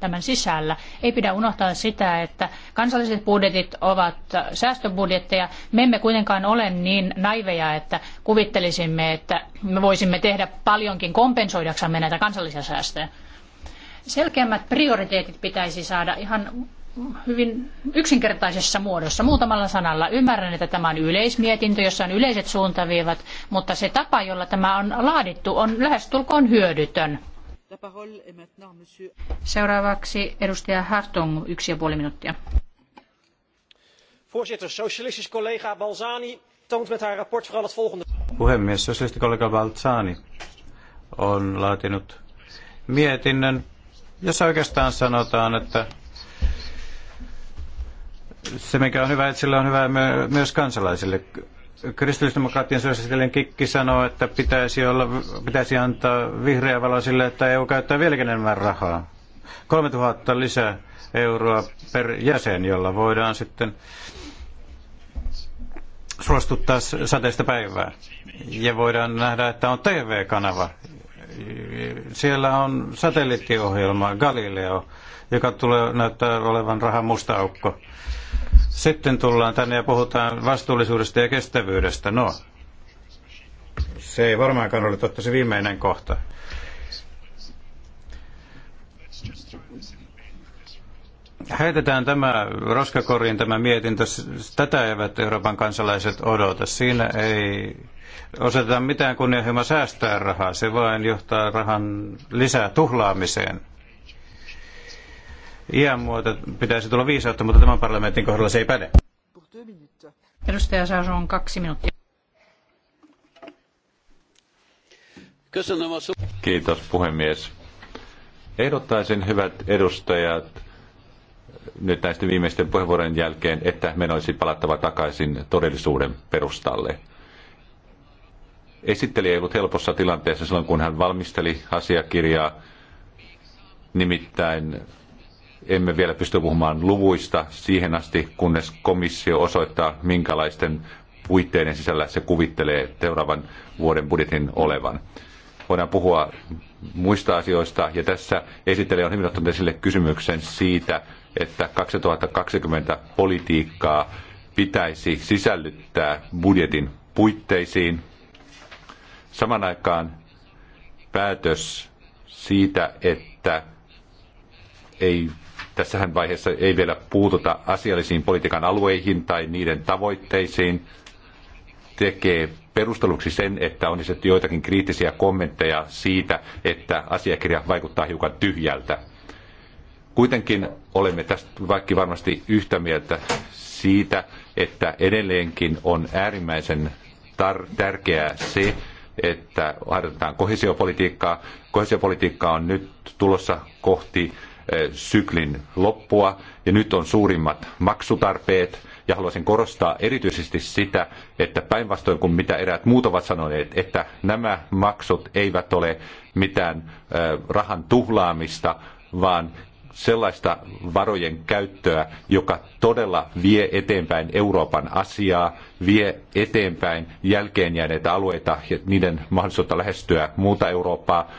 tämän sisällä. Ei pidä unohtaa sitä, että kansalliset budjetit ovat säästöbudjetteja. Me emme kuitenkaan ole niin naiveja, että kuvittelisimme, että me voisimme tehdä paljonkin kompensoidaksamme näitä kansallisia säästöjä. Selkeämmät prioriteetit pitäisi saada ihan hyvin yksinkertaisessa muodossa, muutamalla sanalla. Ymmärrän, että tämä on yleismietintö, jossa on yleiset suuntaviivat, mutta se tapa, jolla tämä on laadittu, on lähestulkoon hyödytön. Seuraavaksi edustaja Hartung, yksi ja puoli minuuttia. Voorzitter, socialistisch collega Balzani toont met haar rapport vooral het volgende. Puhemies, sosialistikollega Balzani on laatinut mietinnön, jossa oikeastaan sanotaan, että se, mikä on hyvä, että sillä on hyvä myös kansalaisille. Kristillisdemokraattien sosiaalinen kikki sanoo, että pitäisi, olla, pitäisi antaa vihreä valo sille, että EU käyttää vieläkin enemmän rahaa. 3000 lisää euroa per jäsen, jolla voidaan sitten suostuttaa sateista päivää. Ja voidaan nähdä, että on TV-kanava. Siellä on satelliittiohjelma Galileo, joka tulee näyttää olevan rahan musta aukko. Sitten tullaan tänne ja puhutaan vastuullisuudesta ja kestävyydestä. No, se ei varmaankaan ole totta se viimeinen kohta. Heitetään tämä roskakoriin tämä mietintö. Tätä eivät Euroopan kansalaiset odota. Siinä ei osata mitään kunnianhimoa säästää rahaa. Se vain johtaa rahan lisää tuhlaamiseen iän muuta pitäisi tulla viisautta, mutta tämän parlamentin kohdalla se ei päde. Edustaja on kaksi minuuttia. Kiitos puhemies. Ehdottaisin hyvät edustajat nyt näisten viimeisten puheenvuorojen jälkeen, että meidän olisi palattava takaisin todellisuuden perustalle. Esittelijä ei ollut helpossa tilanteessa silloin, kun hän valmisteli asiakirjaa. Nimittäin emme vielä pysty puhumaan luvuista siihen asti, kunnes komissio osoittaa, minkälaisten puitteiden sisällä se kuvittelee seuraavan vuoden budjetin olevan. Voidaan puhua muista asioista, ja tässä esittelijä on hyvin ottanut esille kysymyksen siitä, että 2020 politiikkaa pitäisi sisällyttää budjetin puitteisiin. Saman aikaan päätös siitä, että ei Tässähän vaiheessa ei vielä puututa asiallisiin politiikan alueihin tai niiden tavoitteisiin. Tekee perusteluksi sen, että on esitetty joitakin kriittisiä kommentteja siitä, että asiakirja vaikuttaa hiukan tyhjältä. Kuitenkin olemme tästä vaikka varmasti yhtä mieltä siitä, että edelleenkin on äärimmäisen tärkeää se, että harjoitetaan kohesiopolitiikkaa. Kohesiopolitiikka on nyt tulossa kohti syklin loppua ja nyt on suurimmat maksutarpeet. Ja haluaisin korostaa erityisesti sitä, että päinvastoin kuin mitä eräät muut ovat sanoneet, että nämä maksut eivät ole mitään rahan tuhlaamista, vaan sellaista varojen käyttöä, joka todella vie eteenpäin Euroopan asiaa, vie eteenpäin jälkeen jääneitä alueita ja niiden mahdollisuutta lähestyä muuta Eurooppaa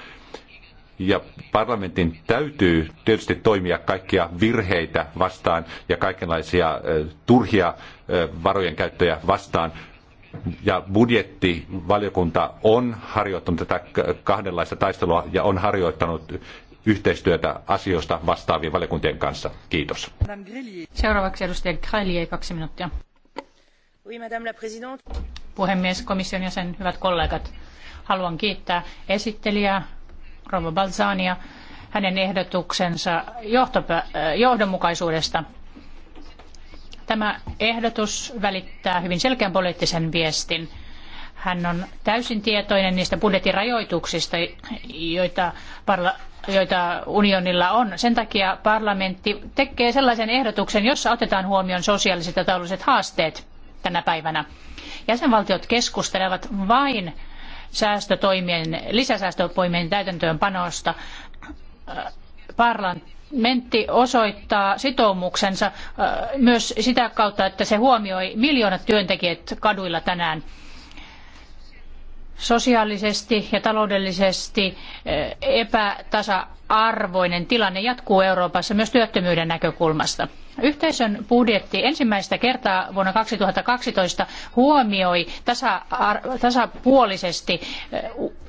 ja parlamentin täytyy tietysti toimia kaikkia virheitä vastaan ja kaikenlaisia turhia varojen käyttöjä vastaan. Ja budjettivaliokunta on harjoittanut tätä kahdenlaista taistelua ja on harjoittanut yhteistyötä asioista vastaavien valiokuntien kanssa. Kiitos. Seuraavaksi edustaja Grelier, kaksi minuuttia. Oui, madame la présidente. Puhemies, komission jäsen, hyvät kollegat. Haluan kiittää esittelijää Rova Balzania hänen ehdotuksensa johtopä- äh, johdonmukaisuudesta. Tämä ehdotus välittää hyvin selkeän poliittisen viestin. Hän on täysin tietoinen niistä budjetin rajoituksista, joita, joita unionilla on. Sen takia parlamentti tekee sellaisen ehdotuksen, jossa otetaan huomioon sosiaaliset ja taloudelliset haasteet tänä päivänä. Jäsenvaltiot keskustelevat vain säästötoimien, lisäsäästötoimien täytäntöönpanosta. Parlamentti osoittaa sitoumuksensa äh, myös sitä kautta, että se huomioi miljoonat työntekijät kaduilla tänään sosiaalisesti ja taloudellisesti äh, epätasa-arvoinen tilanne jatkuu Euroopassa myös työttömyyden näkökulmasta. Yhteisön budjetti ensimmäistä kertaa vuonna 2012 huomioi tasapuolisesti eh,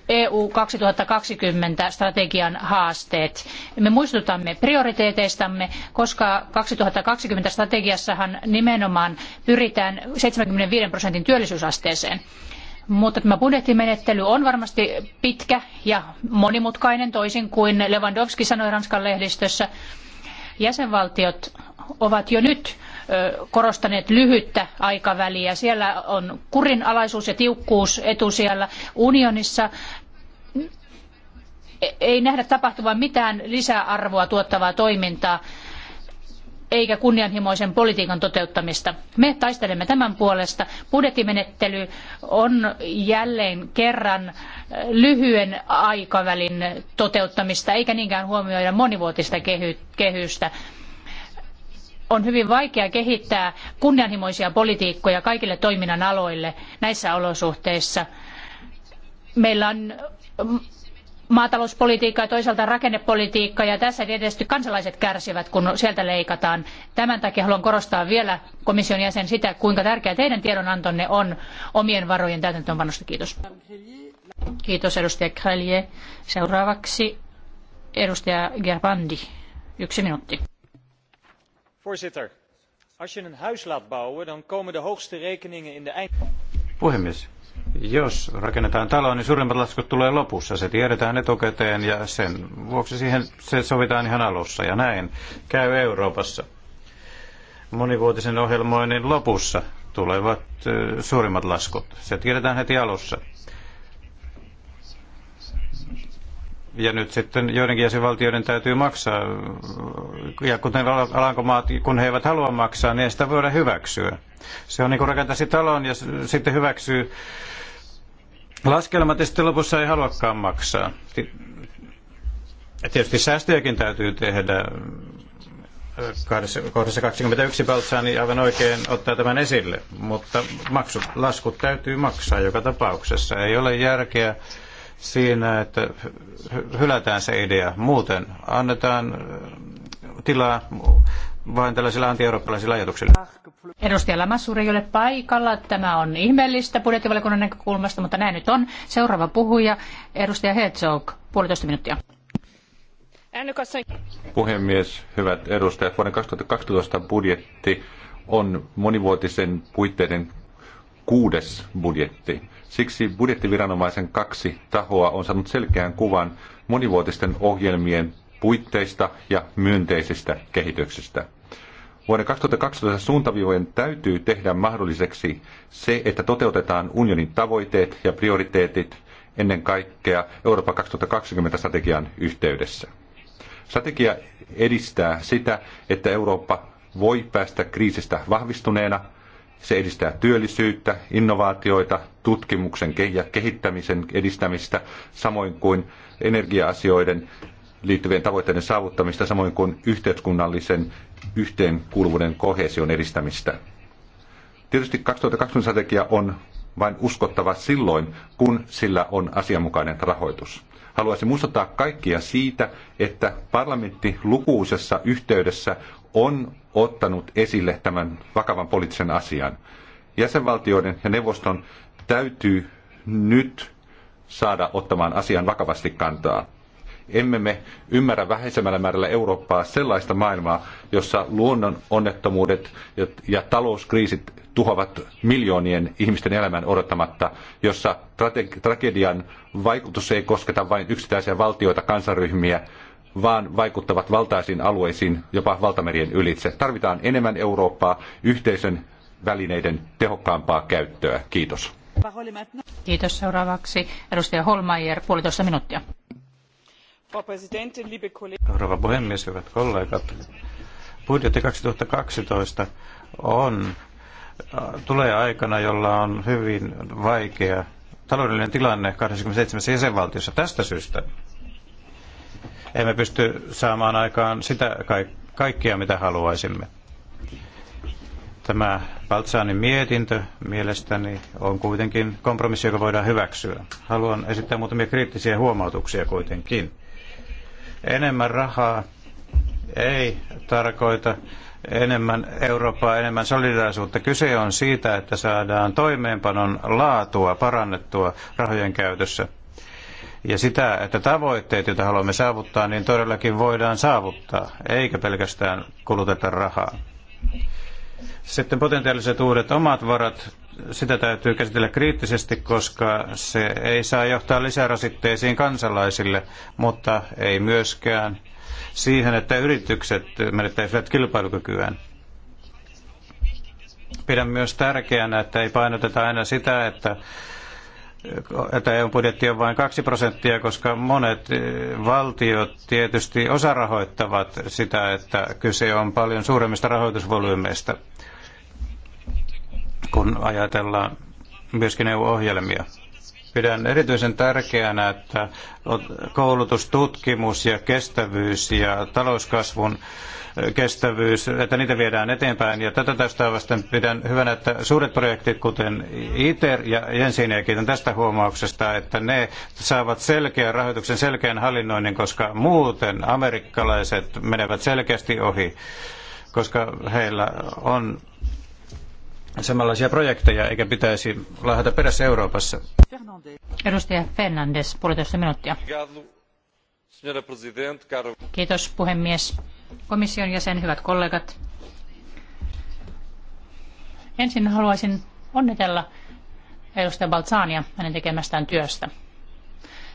EU 2020 strategian haasteet. Me muistutamme prioriteeteistamme, koska 2020 strategiassahan nimenomaan pyritään 75 prosentin työllisyysasteeseen. Mutta tämä budjettimenettely on varmasti pitkä ja monimutkainen toisin kuin Lewandowski sanoi Ranskan lehdistössä jäsenvaltiot ovat jo nyt korostaneet lyhyttä aikaväliä. Siellä on kurinalaisuus ja tiukkuus etusijalla. Unionissa e, ei nähdä tapahtuvan mitään lisäarvoa tuottavaa toimintaa eikä kunnianhimoisen politiikan toteuttamista. Me taistelemme tämän puolesta. Budjettimenettely on jälleen kerran lyhyen aikavälin toteuttamista, eikä niinkään huomioida monivuotista kehystä on hyvin vaikea kehittää kunnianhimoisia politiikkoja kaikille toiminnan aloille näissä olosuhteissa. Meillä on maatalouspolitiikka ja toisaalta rakennepolitiikka ja tässä tietysti kansalaiset kärsivät, kun sieltä leikataan. Tämän takia haluan korostaa vielä komission jäsen sitä, kuinka tärkeä teidän tiedonantonne on omien varojen täytäntöönpanosta. Kiitos. Kiitos edustaja Krelje. Seuraavaksi edustaja Gerbandi. Yksi minuutti. Voorzitter, als je een huis laat bouwen, dan komen de hoogste rekeningen in de Puhemies, jos rakennetaan talo, niin suurimmat laskut tulee lopussa. Se tiedetään etukäteen ja sen vuoksi siihen se sovitaan ihan alussa. Ja näin käy Euroopassa. Monivuotisen ohjelmoinnin lopussa tulevat suurimmat laskut. Se tiedetään heti alussa. Ja nyt sitten joidenkin jäsenvaltioiden täytyy maksaa. Ja kuten Alankomaat, kun he eivät halua maksaa, niin ei sitä voida hyväksyä. Se on niin kuin rakentaisi talon ja sitten hyväksyy laskelmat ja sitten lopussa ei haluakaan maksaa. Tietysti säästöjäkin täytyy tehdä. Kohdassa 21 niin aivan oikein ottaa tämän esille, mutta maksut, laskut täytyy maksaa joka tapauksessa. Ei ole järkeä siinä, että hylätään se idea. Muuten annetaan äh, tilaa vain tällaisilla antieurooppalaisilla ajatuksilla. Edustaja Lamassur ei ole paikalla. Tämä on ihmeellistä budjettivaliokunnan näkökulmasta, mutta näin nyt on. Seuraava puhuja, edustaja Herzog, puolitoista minuuttia. Puhemies, hyvät edustajat, vuoden 2012 budjetti on monivuotisen puitteiden kuudes budjetti. Siksi budjettiviranomaisen kaksi tahoa on saanut selkeän kuvan monivuotisten ohjelmien puitteista ja myönteisestä kehityksestä. Vuoden 2012 suuntaviivojen täytyy tehdä mahdolliseksi se, että toteutetaan unionin tavoitteet ja prioriteetit ennen kaikkea Euroopan 2020-strategian yhteydessä. Strategia edistää sitä, että Eurooppa voi päästä kriisistä vahvistuneena – se edistää työllisyyttä, innovaatioita, tutkimuksen ja kehittämisen edistämistä, samoin kuin energia-asioiden liittyvien tavoitteiden saavuttamista, samoin kuin yhteiskunnallisen yhteenkuuluvuuden kohesion edistämistä. Tietysti 2020 strategia on vain uskottava silloin, kun sillä on asianmukainen rahoitus. Haluaisin muistuttaa kaikkia siitä, että parlamentti lukuisessa yhteydessä on ottanut esille tämän vakavan poliittisen asian. Jäsenvaltioiden ja neuvoston täytyy nyt saada ottamaan asian vakavasti kantaa. Emme me ymmärrä vähäisemmällä määrällä Eurooppaa sellaista maailmaa, jossa luonnon onnettomuudet ja talouskriisit tuhoavat miljoonien ihmisten elämän odottamatta, jossa tragedian vaikutus ei kosketa vain yksittäisiä valtioita, kansaryhmiä, vaan vaikuttavat valtaisiin alueisiin jopa valtamerien ylitse. Tarvitaan enemmän Eurooppaa, yhteisön välineiden tehokkaampaa käyttöä. Kiitos. Kiitos. Seuraavaksi edustaja Holmeier, puolitoista minuuttia. Rouva puhemies, hyvät kollegat. Budjetti 2012 on, äh, tulee aikana, jolla on hyvin vaikea taloudellinen tilanne 27 jäsenvaltiossa. Tästä syystä emme pysty saamaan aikaan sitä kaikkea, mitä haluaisimme. Tämä Baltsaanin mietintö mielestäni on kuitenkin kompromissi, joka voidaan hyväksyä. Haluan esittää muutamia kriittisiä huomautuksia kuitenkin. Enemmän rahaa ei tarkoita enemmän Eurooppaa, enemmän solidaarisuutta. Kyse on siitä, että saadaan toimeenpanon laatua parannettua rahojen käytössä ja sitä, että tavoitteet, joita haluamme saavuttaa, niin todellakin voidaan saavuttaa, eikä pelkästään kuluteta rahaa. Sitten potentiaaliset uudet omat varat, sitä täytyy käsitellä kriittisesti, koska se ei saa johtaa lisärasitteisiin kansalaisille, mutta ei myöskään siihen, että yritykset menettäisivät kilpailukykyään. Pidän myös tärkeänä, että ei painoteta aina sitä, että että EUn budjetti on vain 2 prosenttia, koska monet e, valtiot tietysti osarahoittavat sitä, että kyse on paljon suuremmista rahoitusvolyymeista, kun ajatellaan myöskin EU-ohjelmia. Pidän erityisen tärkeänä, että koulutus, tutkimus ja kestävyys ja talouskasvun kestävyys, että niitä viedään eteenpäin. Ja tätä tästä vasten pidän hyvänä, että suuret projektit, kuten ITER ja Jensinia, kiitän tästä huomauksesta, että ne saavat selkeän rahoituksen, selkeän hallinnoinnin, koska muuten amerikkalaiset menevät selkeästi ohi koska heillä on samanlaisia projekteja, eikä pitäisi laihata perässä Euroopassa. Edustaja Fernandes, puolitoista minuuttia. Kiitos puhemies. Komission jäsen, hyvät kollegat. Ensin haluaisin onnitella edustaja Balzania hänen tekemästään työstä.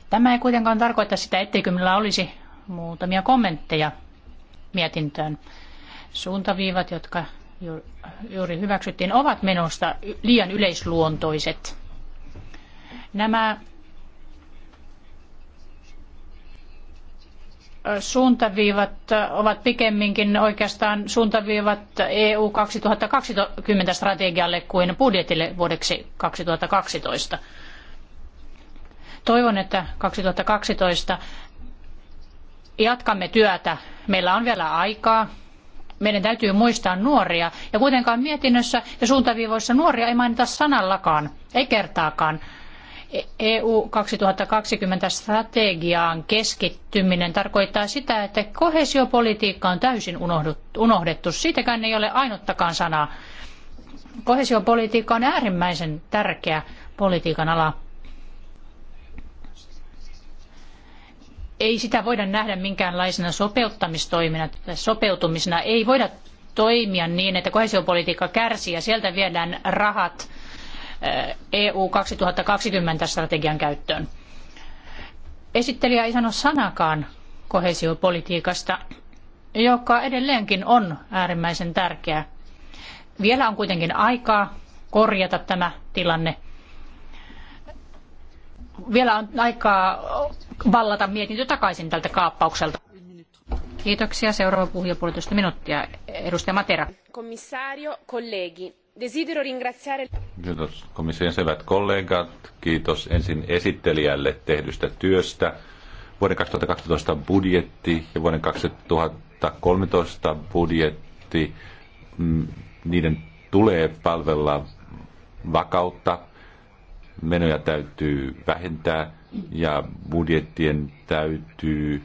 Tämä ei kuitenkaan tarkoita sitä, etteikö minulla olisi muutamia kommentteja mietintöön. Suuntaviivat, jotka juuri hyväksyttiin, ovat menosta liian yleisluontoiset. Nämä suuntaviivat ovat pikemminkin oikeastaan suuntaviivat EU 2020 strategialle kuin budjetille vuodeksi 2012. Toivon, että 2012 jatkamme työtä. Meillä on vielä aikaa meidän täytyy muistaa nuoria. Ja kuitenkaan mietinnössä ja suuntaviivoissa nuoria ei mainita sanallakaan, ei kertaakaan. EU e 2020 strategiaan keskittyminen tarkoittaa sitä, että kohesiopolitiikka on täysin unohdettu. Siitäkään ei ole ainuttakaan sanaa. Kohesiopolitiikka on äärimmäisen tärkeä politiikan ala. ei sitä voida nähdä minkäänlaisena sopeuttamistoimena tai sopeutumisena. Ei voida toimia niin, että koheesiopolitiikka kärsii ja sieltä viedään rahat EU eh, e 2020 strategian käyttöön. Esittelijä ei sano sanakaan koheesiopolitiikasta, joka edelleenkin on äärimmäisen tärkeä. Vielä on kuitenkin aikaa korjata tämä tilanne vielä on aikaa vallata mietintö takaisin tältä kaappaukselta. Kiitoksia. Seuraava puhuja puolitoista minuuttia. Edustaja Matera. Komissaario, kollegi. Desidero ringraziare... Kiitos komission sevät kollegat. Kiitos ensin esittelijälle tehdystä työstä. Vuoden 2012 budjetti ja vuoden 2013 budjetti, mm, niiden tulee palvella vakautta, menoja täytyy vähentää ja budjettien täytyy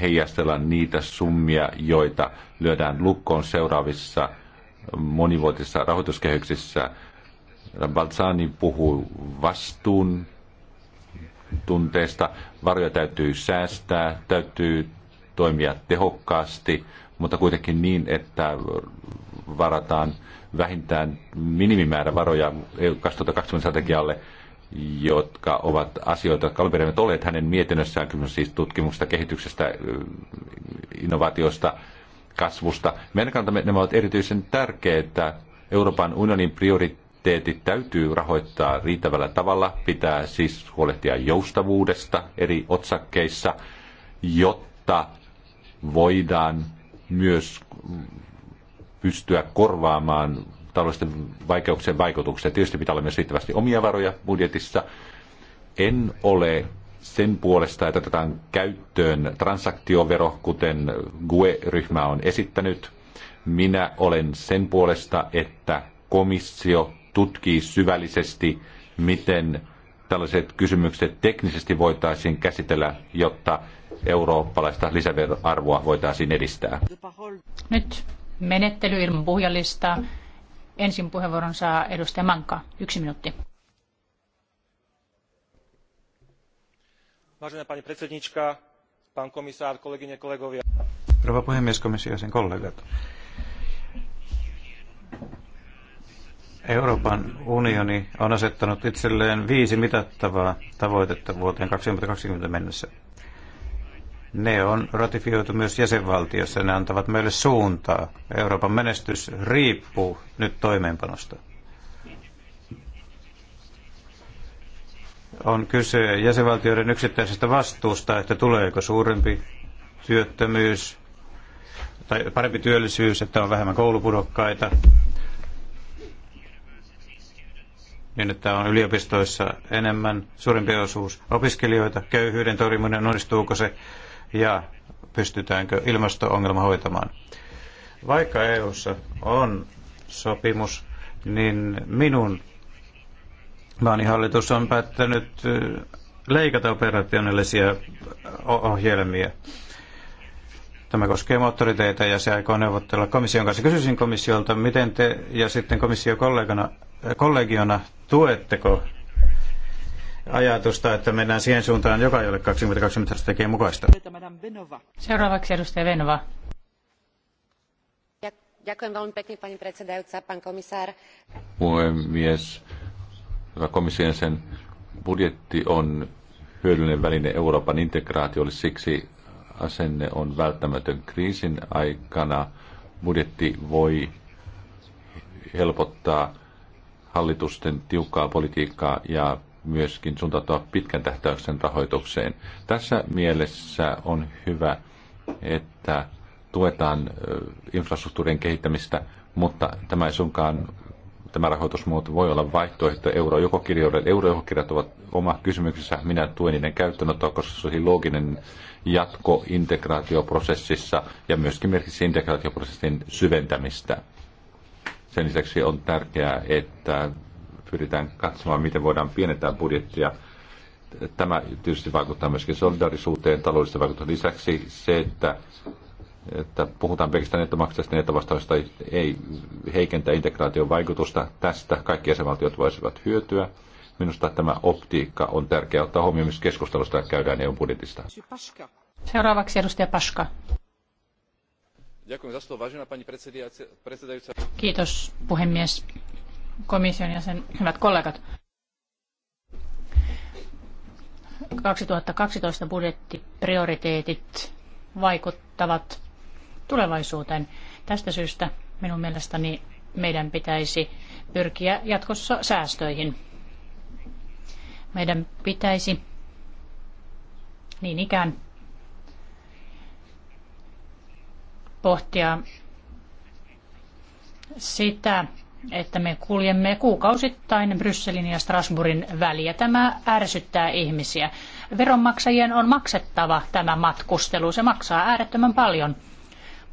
heijastella niitä summia, joita lyödään lukkoon seuraavissa monivuotisissa rahoituskehyksissä. Balzani puhuu vastuun tunteesta. Varoja täytyy säästää, täytyy toimia tehokkaasti, mutta kuitenkin niin, että varataan vähintään minimimäärä varoja EU 2020 strategialle, jotka ovat asioita, jotka olemme olleet hänen mietinnössään, kysymys siis tutkimuksesta, kehityksestä, innovaatiosta, kasvusta. Meidän kannalta nämä ovat erityisen tärkeitä. Euroopan unionin prioriteetit täytyy rahoittaa riittävällä tavalla, pitää siis huolehtia joustavuudesta eri otsakkeissa, jotta voidaan myös pystyä korvaamaan taloudellisten vaikeuksien vaikutuksia. Tietysti pitää olla myös riittävästi omia varoja budjetissa. En ole sen puolesta, että otetaan käyttöön transaktiovero, kuten GUE-ryhmä on esittänyt. Minä olen sen puolesta, että komissio tutkii syvällisesti, miten tällaiset kysymykset teknisesti voitaisiin käsitellä, jotta eurooppalaista lisäarvoa voitaisiin edistää. Nyt menettely ilman puhujalistaa. Ensin puheenvuoron saa edustaja Manka. Yksi minuutti. Vážená pani predsednička, pán komisár, kolegyne, kolegovia. Rova puhemies, komissio sen kollegat. Euroopan unioni on asettanut itselleen viisi mitattavaa tavoitetta vuoteen 2020 mennessä. Ne on ratifioitu myös jäsenvaltiossa. Ne antavat meille suuntaa. Euroopan menestys riippuu nyt toimeenpanosta. On kyse jäsenvaltioiden yksittäisestä vastuusta, että tuleeko suurempi työttömyys tai parempi työllisyys, että on vähemmän koulupudokkaita, niin että on yliopistoissa enemmän, suurempi osuus opiskelijoita, köyhyyden torjuminen, onnistuuko se ja pystytäänkö ilmasto-ongelma hoitamaan. Vaikka EU:ssa on sopimus, niin minun maani hallitus on päättänyt leikata operationaalisia ohjelmia. Tämä koskee moottoriteitä ja se aikoo neuvotella komission kanssa. Kysyisin komissiolta, miten te ja sitten komissio kollegiona tuetteko ajatusta, että mennään siihen suuntaan, joka ei ole 2020 strategian mukaista. Seuraavaksi edustaja Venova. Puhemies, hyvä komission sen budjetti on hyödyllinen väline Euroopan integraatiolle, siksi asenne on välttämätön kriisin aikana. Budjetti voi helpottaa hallitusten tiukkaa politiikkaa ja myöskin suuntautua pitkän tähtäyksen rahoitukseen. Tässä mielessä on hyvä, että tuetaan infrastruktuurien kehittämistä, mutta tämä ei suinkaan tämä rahoitusmuoto voi olla vaihtoehto eurojokokirjoille. Eurojokokirjat ovat oma kysymyksensä. Minä tuen niiden käyttöönottoa, koska se olisi looginen jatko integraatioprosessissa ja myöskin merkitsi integraatioprosessin syventämistä. Sen lisäksi on tärkeää, että pyritään katsomaan, miten voidaan pienentää budjettia. Tämä tietysti vaikuttaa myöskin solidarisuuteen taloudellisesti vaikuttaa lisäksi se, että että puhutaan pelkästään nettomaksajista nettovastaista ei heikentä integraation vaikutusta. Tästä kaikki jäsenvaltiot voisivat hyötyä. Minusta tämä optiikka on tärkeää ottaa huomioon myös keskustelusta käydään EU-budjetista. Seuraavaksi edustaja Paska. Kiitos puhemies komission ja sen hyvät kollegat. 2012 budjettiprioriteetit vaikuttavat tulevaisuuteen. Tästä syystä minun mielestäni meidän pitäisi pyrkiä jatkossa säästöihin. Meidän pitäisi niin ikään pohtia sitä, että me kuljemme kuukausittain Brysselin ja Strasbourgin väliä. Tämä ärsyttää ihmisiä. Veronmaksajien on maksettava tämä matkustelu. Se maksaa äärettömän paljon.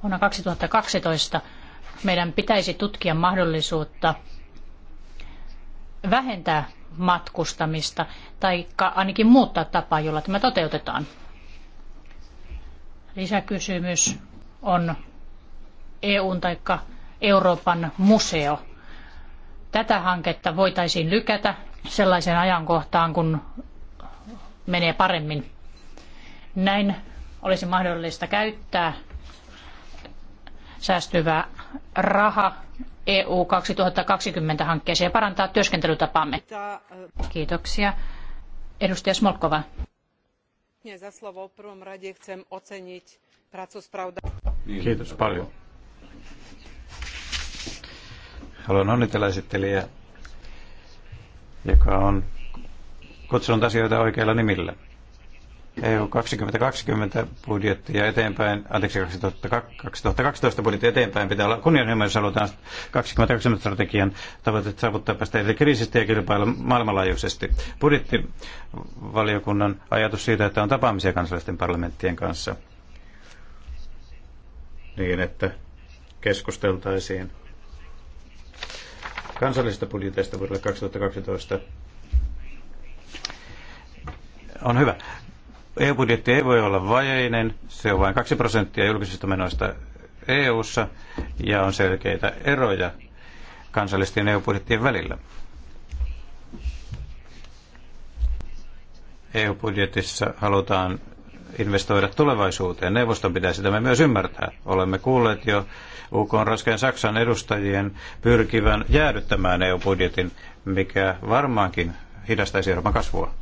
Vuonna 2012 meidän pitäisi tutkia mahdollisuutta vähentää matkustamista tai ainakin muuttaa tapaa, jolla tämä toteutetaan. Lisäkysymys on EUn tai Euroopan museo tätä hanketta voitaisiin lykätä sellaiseen ajankohtaan, kun menee paremmin. Näin olisi mahdollista käyttää säästyvä raha EU 2020 hankkeeseen ja parantaa työskentelytapaamme. Kiitoksia. Edustaja Smolkova. Kiitos paljon. Haluan onnitella esittelijää, joka on kutsunut asioita oikeilla nimillä. EU 2020 budjetti ja eteenpäin, anteeksi 2012 budjetti eteenpäin pitää olla kunnianhimoinen, jos halutaan 2020 strategian tavoitteet saavuttaa päästä eri kriisistä ja kilpailla maailmanlaajuisesti. Budjettivaliokunnan ajatus siitä, että on tapaamisia kansallisten parlamenttien kanssa niin, että keskusteltaisiin kansallisista budjeteista vuodelle 2012 on hyvä. EU-budjetti ei voi olla vajeinen, se on vain 2 prosenttia julkisista menoista EU-ssa ja on selkeitä eroja kansallisten EU-budjettien välillä. EU-budjetissa halutaan investoida tulevaisuuteen. Neuvoston pitäisi tämä myös ymmärtää. Olemme kuulleet jo UK Ranskan Saksan edustajien pyrkivän jäädyttämään EU-budjetin, mikä varmaankin hidastaisi Euroopan kasvua.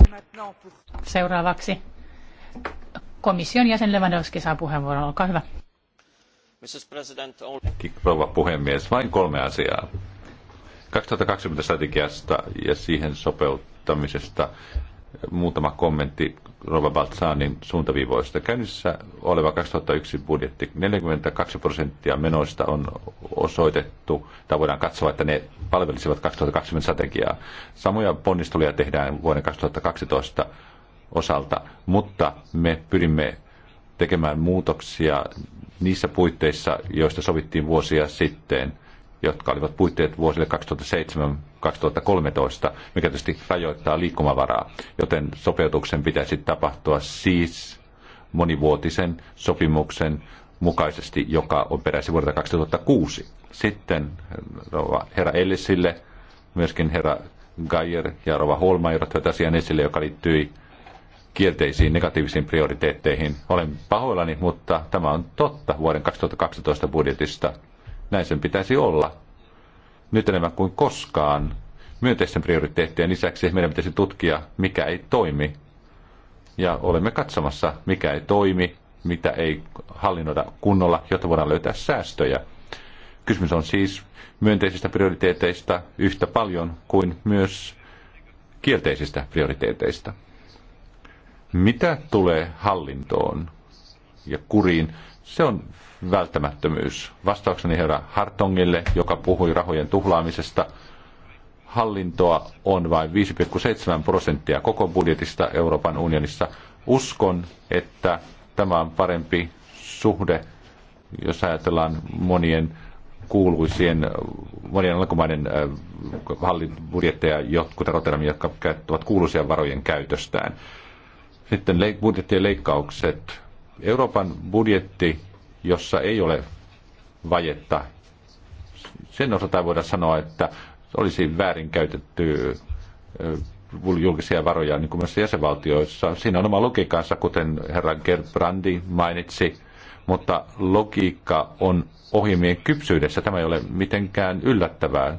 Seuraavaksi komission jäsen Lewandowski saa puheenvuoron. Olkaa hyvä. Rouva puhemies, vain kolme asiaa. 2020 strategiasta ja siihen sopeuttamisesta muutama kommentti Rova Baltsanin suuntaviivoista. Käynnissä oleva 2001 budjetti, 42 prosenttia menoista on osoitettu, tai voidaan katsoa, että ne palvelisivat 2020 strategiaa. Samoja ponnisteluja tehdään vuoden 2012 osalta, mutta me pyrimme tekemään muutoksia niissä puitteissa, joista sovittiin vuosia sitten – jotka olivat puitteet vuosille 2007-2013, mikä tietysti rajoittaa liikkumavaraa, joten sopeutuksen pitäisi tapahtua siis monivuotisen sopimuksen mukaisesti, joka on peräisin vuodelta 2006. Sitten herra Ellisille, myöskin herra Geyer ja Rova Holma ottivat asian esille, joka liittyi kielteisiin negatiivisiin prioriteetteihin. Olen pahoillani, mutta tämä on totta vuoden 2012 budjetista. Näin sen pitäisi olla. Nyt enemmän kuin koskaan myönteisten prioriteettien lisäksi meidän pitäisi tutkia, mikä ei toimi. Ja olemme katsomassa, mikä ei toimi, mitä ei hallinnoida kunnolla, jotta voidaan löytää säästöjä. Kysymys on siis myönteisistä prioriteeteista yhtä paljon kuin myös kielteisistä prioriteeteista. Mitä tulee hallintoon ja kuriin, se on välttämättömyys. Vastaukseni herra Hartongille, joka puhui rahojen tuhlaamisesta, hallintoa on vain 5,7 prosenttia koko budjetista Euroopan unionissa. Uskon, että tämä on parempi suhde, jos ajatellaan monien kuuluisien, monien alkumaiden hallintobudjetteja, jotkut Rotterdamin, jotka käyttävät kuuluisia varojen käytöstään. Sitten budjettien leikkaukset. Euroopan budjetti jossa ei ole vajetta. Sen osalta voida sanoa, että olisi väärinkäytetty julkisia varoja niin kuin myös jäsenvaltioissa. Siinä on oma logiikansa, kuten herra Gerbrandi mainitsi, mutta logiikka on ohjelmien kypsyydessä. Tämä ei ole mitenkään yllättävää.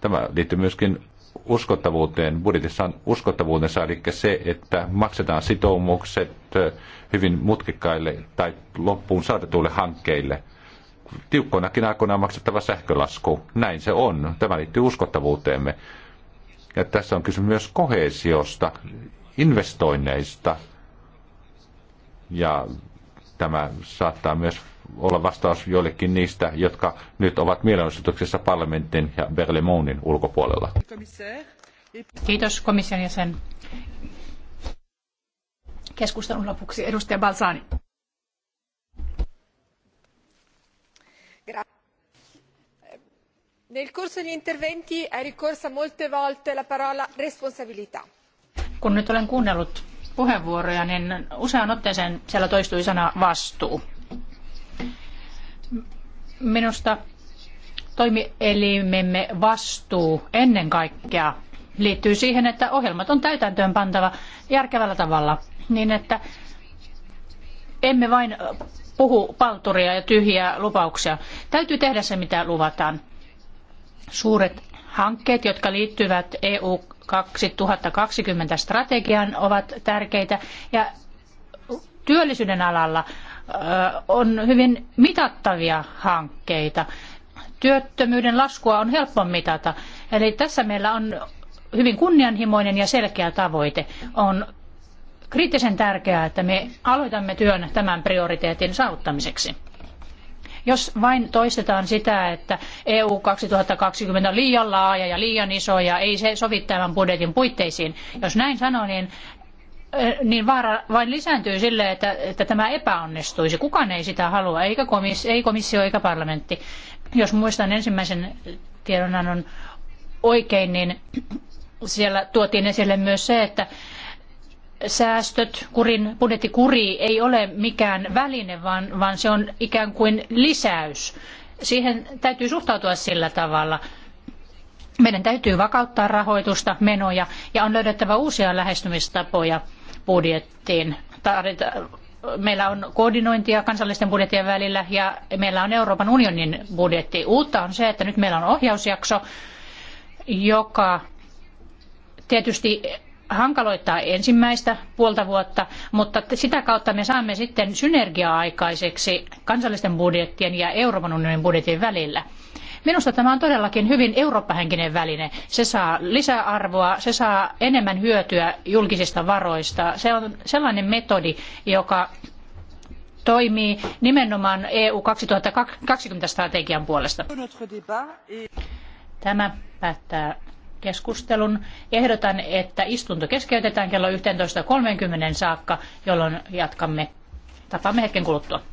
Tämä liittyy myöskin uskottavuuteen, budjetissa on uskottavuutensa, eli se, että maksetaan sitoumukset hyvin mutkikkaille tai loppuun saatetuille hankkeille. Tiukkoinakin aikoina on maksettava sähkölasku. Näin se on. Tämä liittyy uskottavuuteemme. Ja tässä on kysymys myös kohesiosta, investoinneista. Ja tämä saattaa myös olla vastaus joillekin niistä, jotka nyt ovat mielenosoituksessa parlamentin ja Berlemonin ulkopuolella. Kiitos komission jäsen. Keskustelun lopuksi edustaja Balsani. Nel corso degli interventi è ricorsa molte volte la parola responsabilità. Kun nyt olen kuunnellut puheenvuoroja, niin usean otteeseen siellä toistui sana vastuu. Minusta toimielimemme vastuu ennen kaikkea liittyy siihen, että ohjelmat on täytäntöön pantava järkevällä tavalla niin, että emme vain puhu palturia ja tyhjiä lupauksia. Täytyy tehdä se, mitä luvataan. Suuret hankkeet, jotka liittyvät EU 2020 strategiaan, ovat tärkeitä ja työllisyyden alalla on hyvin mitattavia hankkeita. Työttömyyden laskua on helppo mitata. Eli tässä meillä on hyvin kunnianhimoinen ja selkeä tavoite. On kriittisen tärkeää, että me aloitamme työn tämän prioriteetin saavuttamiseksi. Jos vain toistetaan sitä, että EU 2020 on liian laaja ja liian iso ja ei se sovi tämän budjetin puitteisiin, jos näin sanoo, niin niin vaara vain lisääntyy sille, että, että tämä epäonnistuisi. Kukaan ei sitä halua, eikä komissio, ei komissio eikä parlamentti. Jos muistan ensimmäisen tiedonannon oikein, niin siellä tuotiin esille myös se, että säästöt, kurin, budjettikuri ei ole mikään väline, vaan, vaan se on ikään kuin lisäys. Siihen täytyy suhtautua sillä tavalla. Meidän täytyy vakauttaa rahoitusta, menoja ja on löydettävä uusia lähestymistapoja budjettiin. Meillä on koordinointia kansallisten budjettien välillä ja meillä on Euroopan unionin budjetti. Uutta on se, että nyt meillä on ohjausjakso, joka tietysti hankaloittaa ensimmäistä puolta vuotta, mutta sitä kautta me saamme sitten synergiaa aikaiseksi kansallisten budjettien ja Euroopan unionin budjetin välillä. Minusta tämä on todellakin hyvin eurooppahenkinen väline. Se saa lisäarvoa, se saa enemmän hyötyä julkisista varoista. Se on sellainen metodi, joka toimii nimenomaan EU 2020-strategian puolesta. Tämä päättää keskustelun. Ehdotan, että istunto keskeytetään kello 11.30 saakka, jolloin jatkamme. Tapaamme hetken kuluttua.